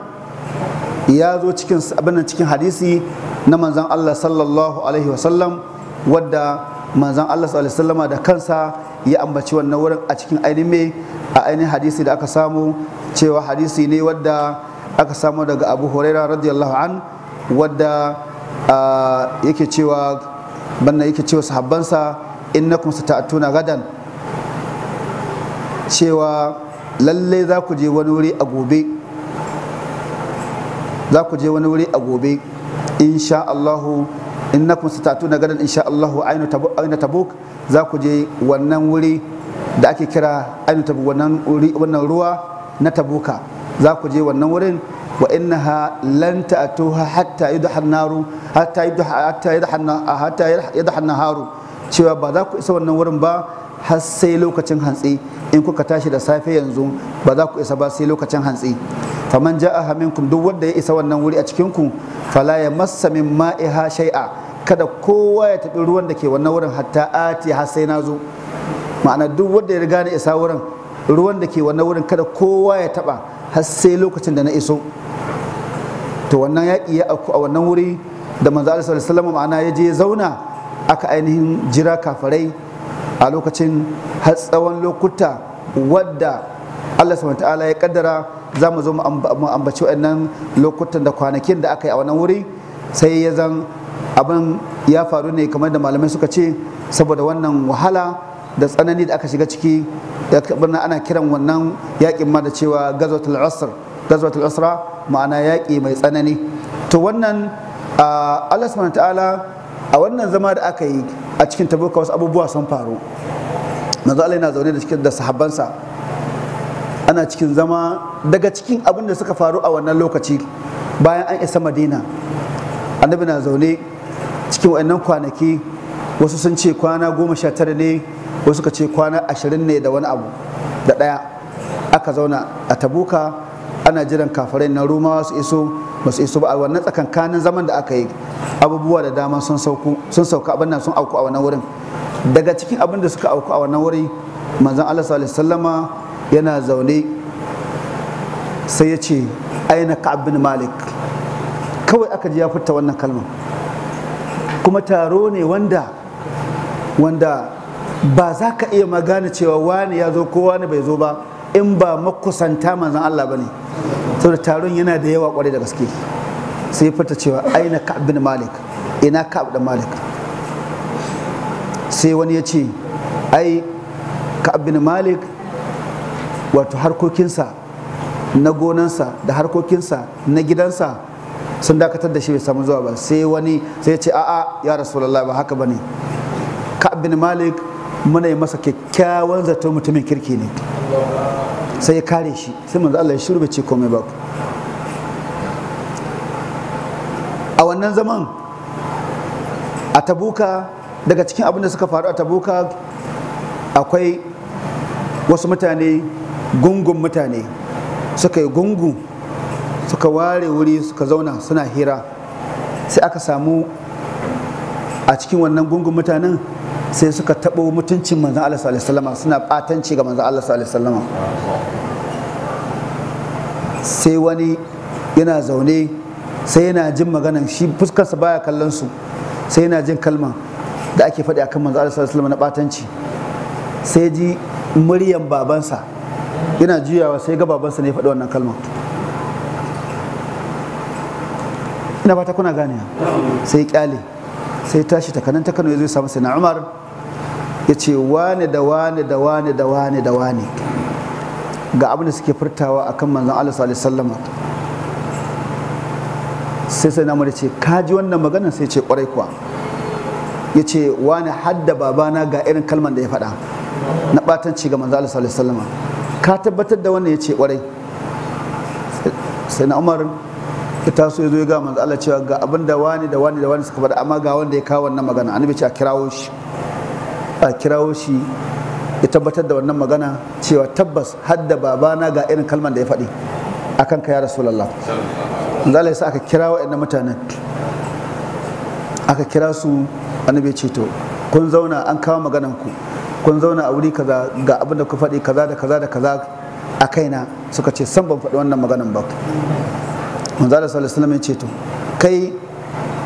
ya zo cikin abin cikin hadisi na manzon Allah sallallahu alaihi wasallam wadda manzon Allah sallallahu alaihi wasallama da kansa ya ambaci wannan wurin a cikin ainihin a ainihin hadisi da aka samu cewa hadisi ne wadda aka samu daga Abu Huraira radiyallahu an wadda yake cewa banna yake cewa sahabbansa innakum sata'tuna gadan cewa lalle za ku je wani wuri a gobe za ku je wani wuri a gobe insha Allahu innakum sata'tuna gadan insha Allahu aina tabuk za ku je wannan wuri da ake kira aina tabuk wannan ruwa na tabuka za ku je wannan wurin wa innaha lan ta'tuha hatta yudhan naru hatta yudhan hatta yudhan cewa ba za ku isa wannan wurin ba har sai lokacin hantsi in kuka tashi da safe yanzu ba za ku isa ba sai lokacin hantsi faman ja'aha minkum duk wanda ya isa wannan wuri a cikinku? ku fala ya massa min ma'iha shay'a kada kowa ya taɓi ruwan da ke wannan wurin hatta ati har sai na zo ma'ana duk wanda ya riga na isa wurin ruwan da ke wannan wurin kada kowa ya taɓa har sai lokacin da na iso to wannan yaƙi ya auku a wannan wuri da manzo Allah sallallahu alaihi wasallam ma'ana ya je zauna aka ainihin jira kafarai a lokacin har tsawon lokuta wadda Allah subhanahu ta'ala ya kaddara za mu zo mu ambaci wannan lokutan da kwanakin da aka yi a wannan wuri sai ya zan abin ya faru ne kamar da malamai suka ce saboda wannan wahala da tsanani da aka shiga ciki kabarna ana kiran wannan yaƙin ma da cewa gazwatul asr gazwatul asra ma'ana yaƙi mai tsanani to wannan Allah subhanahu ta'ala a wannan zama da aka yi a cikin tabuka wasu abubuwa sun faru manzo Allah yana zaune da cikin da sahabbansa ana cikin zama daga cikin abin da suka faru a wannan lokaci bayan an isa Madina annabi na zaune cikin wannan kwanaki wasu sun ce kwana goma sha tara ne wasu suka ce kwana ashirin ne da wani abu da ɗaya aka zauna a tabuka ana jiran kafarai na Roma su iso ba su iso ba a wannan tsakankanin zaman da aka yi abubuwa da dama sun sauka abin nan sun auku a wannan wurin daga cikin abin da suka auku a wannan wurin manzan Allah sallallahu alaihi yana zaune sai ya ce aina ka'ab bin malik kawai aka ji ya fita wannan kalmar kuma taro ne wanda wanda ba za ka iya magana cewa wani ya zo kowa ne bai zo ba in ba makusanta manzan Allah ba ne saboda taron yana da yawa kwarai da gaske sai ya fita cewa aina ka malik ina ka malik sai wani ya ce ai ka malik wato harkokinsa na gonansa da harkokinsa na gidansa sun dakatar da shi bai samu zuwa ba sai wani sai ya ce a'a ya rasulullah ba haka ne. Ka bin malik muna yi masa kyakkyawan zato mutumin kirki ne sai ya kare shi sai manzo Allah ya shiru ce komai ba a wannan zaman a tabuka daga cikin abin da suka faru a tabuka akwai wasu mutane gungun mutane suka yi gungu suka ware wuri suka zauna suna hira sai aka samu a cikin wannan gungun mutanen sai suka taɓo mutuncin manzan Allah sallallahu alaihi wasallam suna ɓatanci ga manzan Allah sallallahu alaihi wasallam sai wani yana zaune sai yana jin maganan shi fuskarsa baya kallon su sai yana jin kalma da ake faɗi akan manzan Allah sallallahu alaihi na batanci sai ji muryan babansa yana juyawa sai ga babansa ne ya faɗi wannan kalma ina ta kuna gane sai kyale sai tashi takanan takano ya zo ya samu sai na Umar ya ce wane da wane da wane da wane da wane ga abin da suke furtawa a kan manzan Allah sallallahu sai sai namu da ce kaji wannan magana sai ce kwarai kuwa ya ce wane hadda babana ga irin kalman da ya faɗa na ɓatanci ga manzan Allah sallallahu ka tabbatar da wannan ya ce kwarai sai na umar ya taso ya zo ya ga manzan Allah cewa ga abin da wani da wani da wani suka faɗa amma ga wanda ya kawo wannan magana annabi ce a kirawo shi a kirawo shi ya tabbatar da wannan magana cewa tabbas hadda babana ga irin kalman da ya faɗi a kan ka ya rasulallah a sa aka kira waɗannan mutanen aka kira su annabi ce to kun zauna an kawo maganan ku kun zauna a wuri kaza ga abin da ku faɗi kaza da kaza da kaza a kaina suka ce san ban faɗi wannan maganan ba manzala sallallahu alaihi ya ce to kai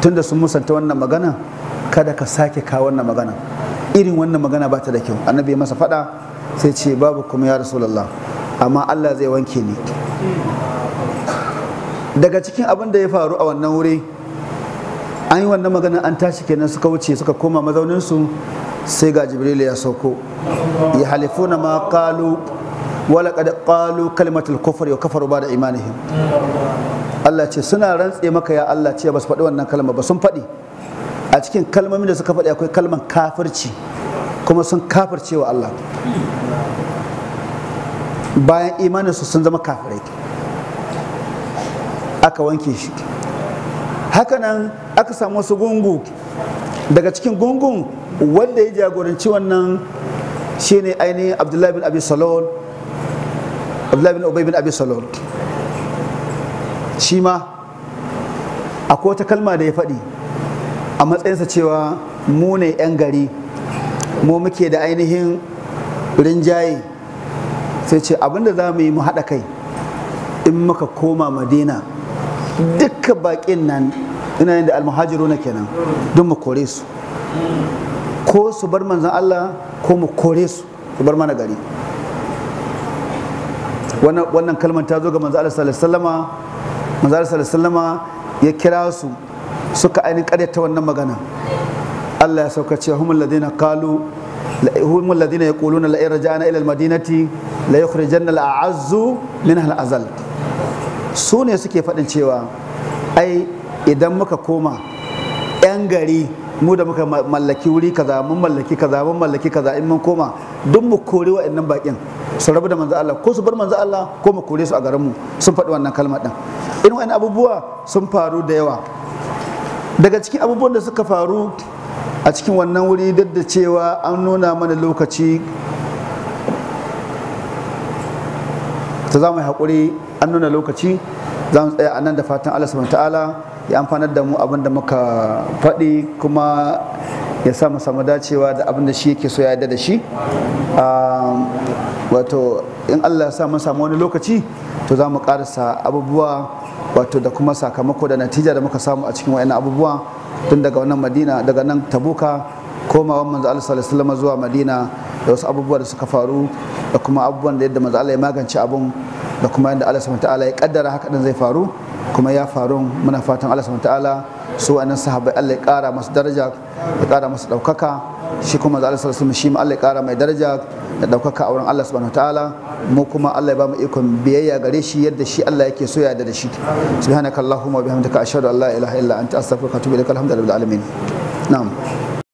tunda sun musanta wannan magana kada ka sake kawo wannan magana irin wannan magana ba ta da kyau annabi ya masa faɗa sai ce babu kuma ya rasulallah amma Allah zai wanke ni daga cikin abin da ya faru a wannan wuri an yi wannan magana an tashi kenan suka wuce suka koma mazauninsu sai ga jibril ya sauko ya halifuna ma kalu wala kada kalu kalimatul kufr wa kafaru ba da imanihim Allah ce suna rantse maka ya Allah ce ba su faɗi wannan kalma ba sun faɗi a cikin kalmomin da suka faɗi akwai kalman kafirci kuma sun kafirce wa Allah bayan imaninsu sun zama kafirai aka wanke shi hakanan aka samu wasu gungu daga cikin gungun wanda ya jagoranci wannan shine ainihin abdullahi bin abi salon abdullahi bin ubay bin abi salon shi ma akwai wata kalma da ya faɗi a matsayinsa cewa mu ne 'yan gari mu muke da ainihin rinjaye sai ce abinda za mu yi mu haɗa kai in muka koma madina dukka baƙin nan ina yin da almuhajiru na kenan don mu kore su ko su bar manzan Allah ko mu kore su su bar mana gari wannan kalmar ta zo ga manzan Allah sallallahu alaihi wasallama manzan Allah sallallahu alaihi wasallama ya kira su suka ainihin ta wannan magana Allah ya sauka cewa humul ladina qalu هم yaquluna la لئن ila almadinati la yukhrijanna al'azzu min al'azal su ne suke faɗin cewa ai idan muka koma 'yan gari mu da muka mallaki wuri kaza mun mallaki kaza mun mallaki kaza in mun koma duk mu kore wa'annan bakin su rabu da manzo Allah ko su bar manzo Allah ko mu kore su a garin mu sun faɗi wannan kalmar din irin wa'annan abubuwa sun faru da yawa daga cikin abubuwan da suka faru a cikin wannan wuri duk da cewa an nuna mana lokaci ta za mu haƙuri an nuna lokaci za mu tsaya a nan da fatan Allah subhanahu ta'ala ya amfanar da mu abin da muka faɗi kuma ya sa mu samu dacewa da abin da shi yake so ya yarda da shi wato in Allah ya sa mu samu wani lokaci to za mu ƙarasa abubuwa wato da kuma sakamako da natija da muka samu a cikin wa'annan abubuwa tun daga wannan madina daga nan tabuka komawan manzo Allah sallallahu alaihi wasallam zuwa madina da wasu abubuwa da suka faru da kuma abubuwan da yadda manzo Allah ya magance abun da kuma yadda Allah subhanahu ta'ala ya kaddara haka din zai faru kuma ya faru muna fatan Allah subhanahu ta'ala su anan sahabbai Allah ya kara masu daraja ya kara masu daukaka shi kuma za Allah sallallahu shi ma Allah ya kara mai daraja da daukaka a wurin Allah subhanahu ta'ala mu kuma Allah ya ba mu ikon biyayya gare shi yadda shi Allah yake so ya da shi subhanakallahumma wa bihamdika ashhadu an la ilaha illa anta astaghfiruka wa atubu ilaik alhamdulillahi alamin na'am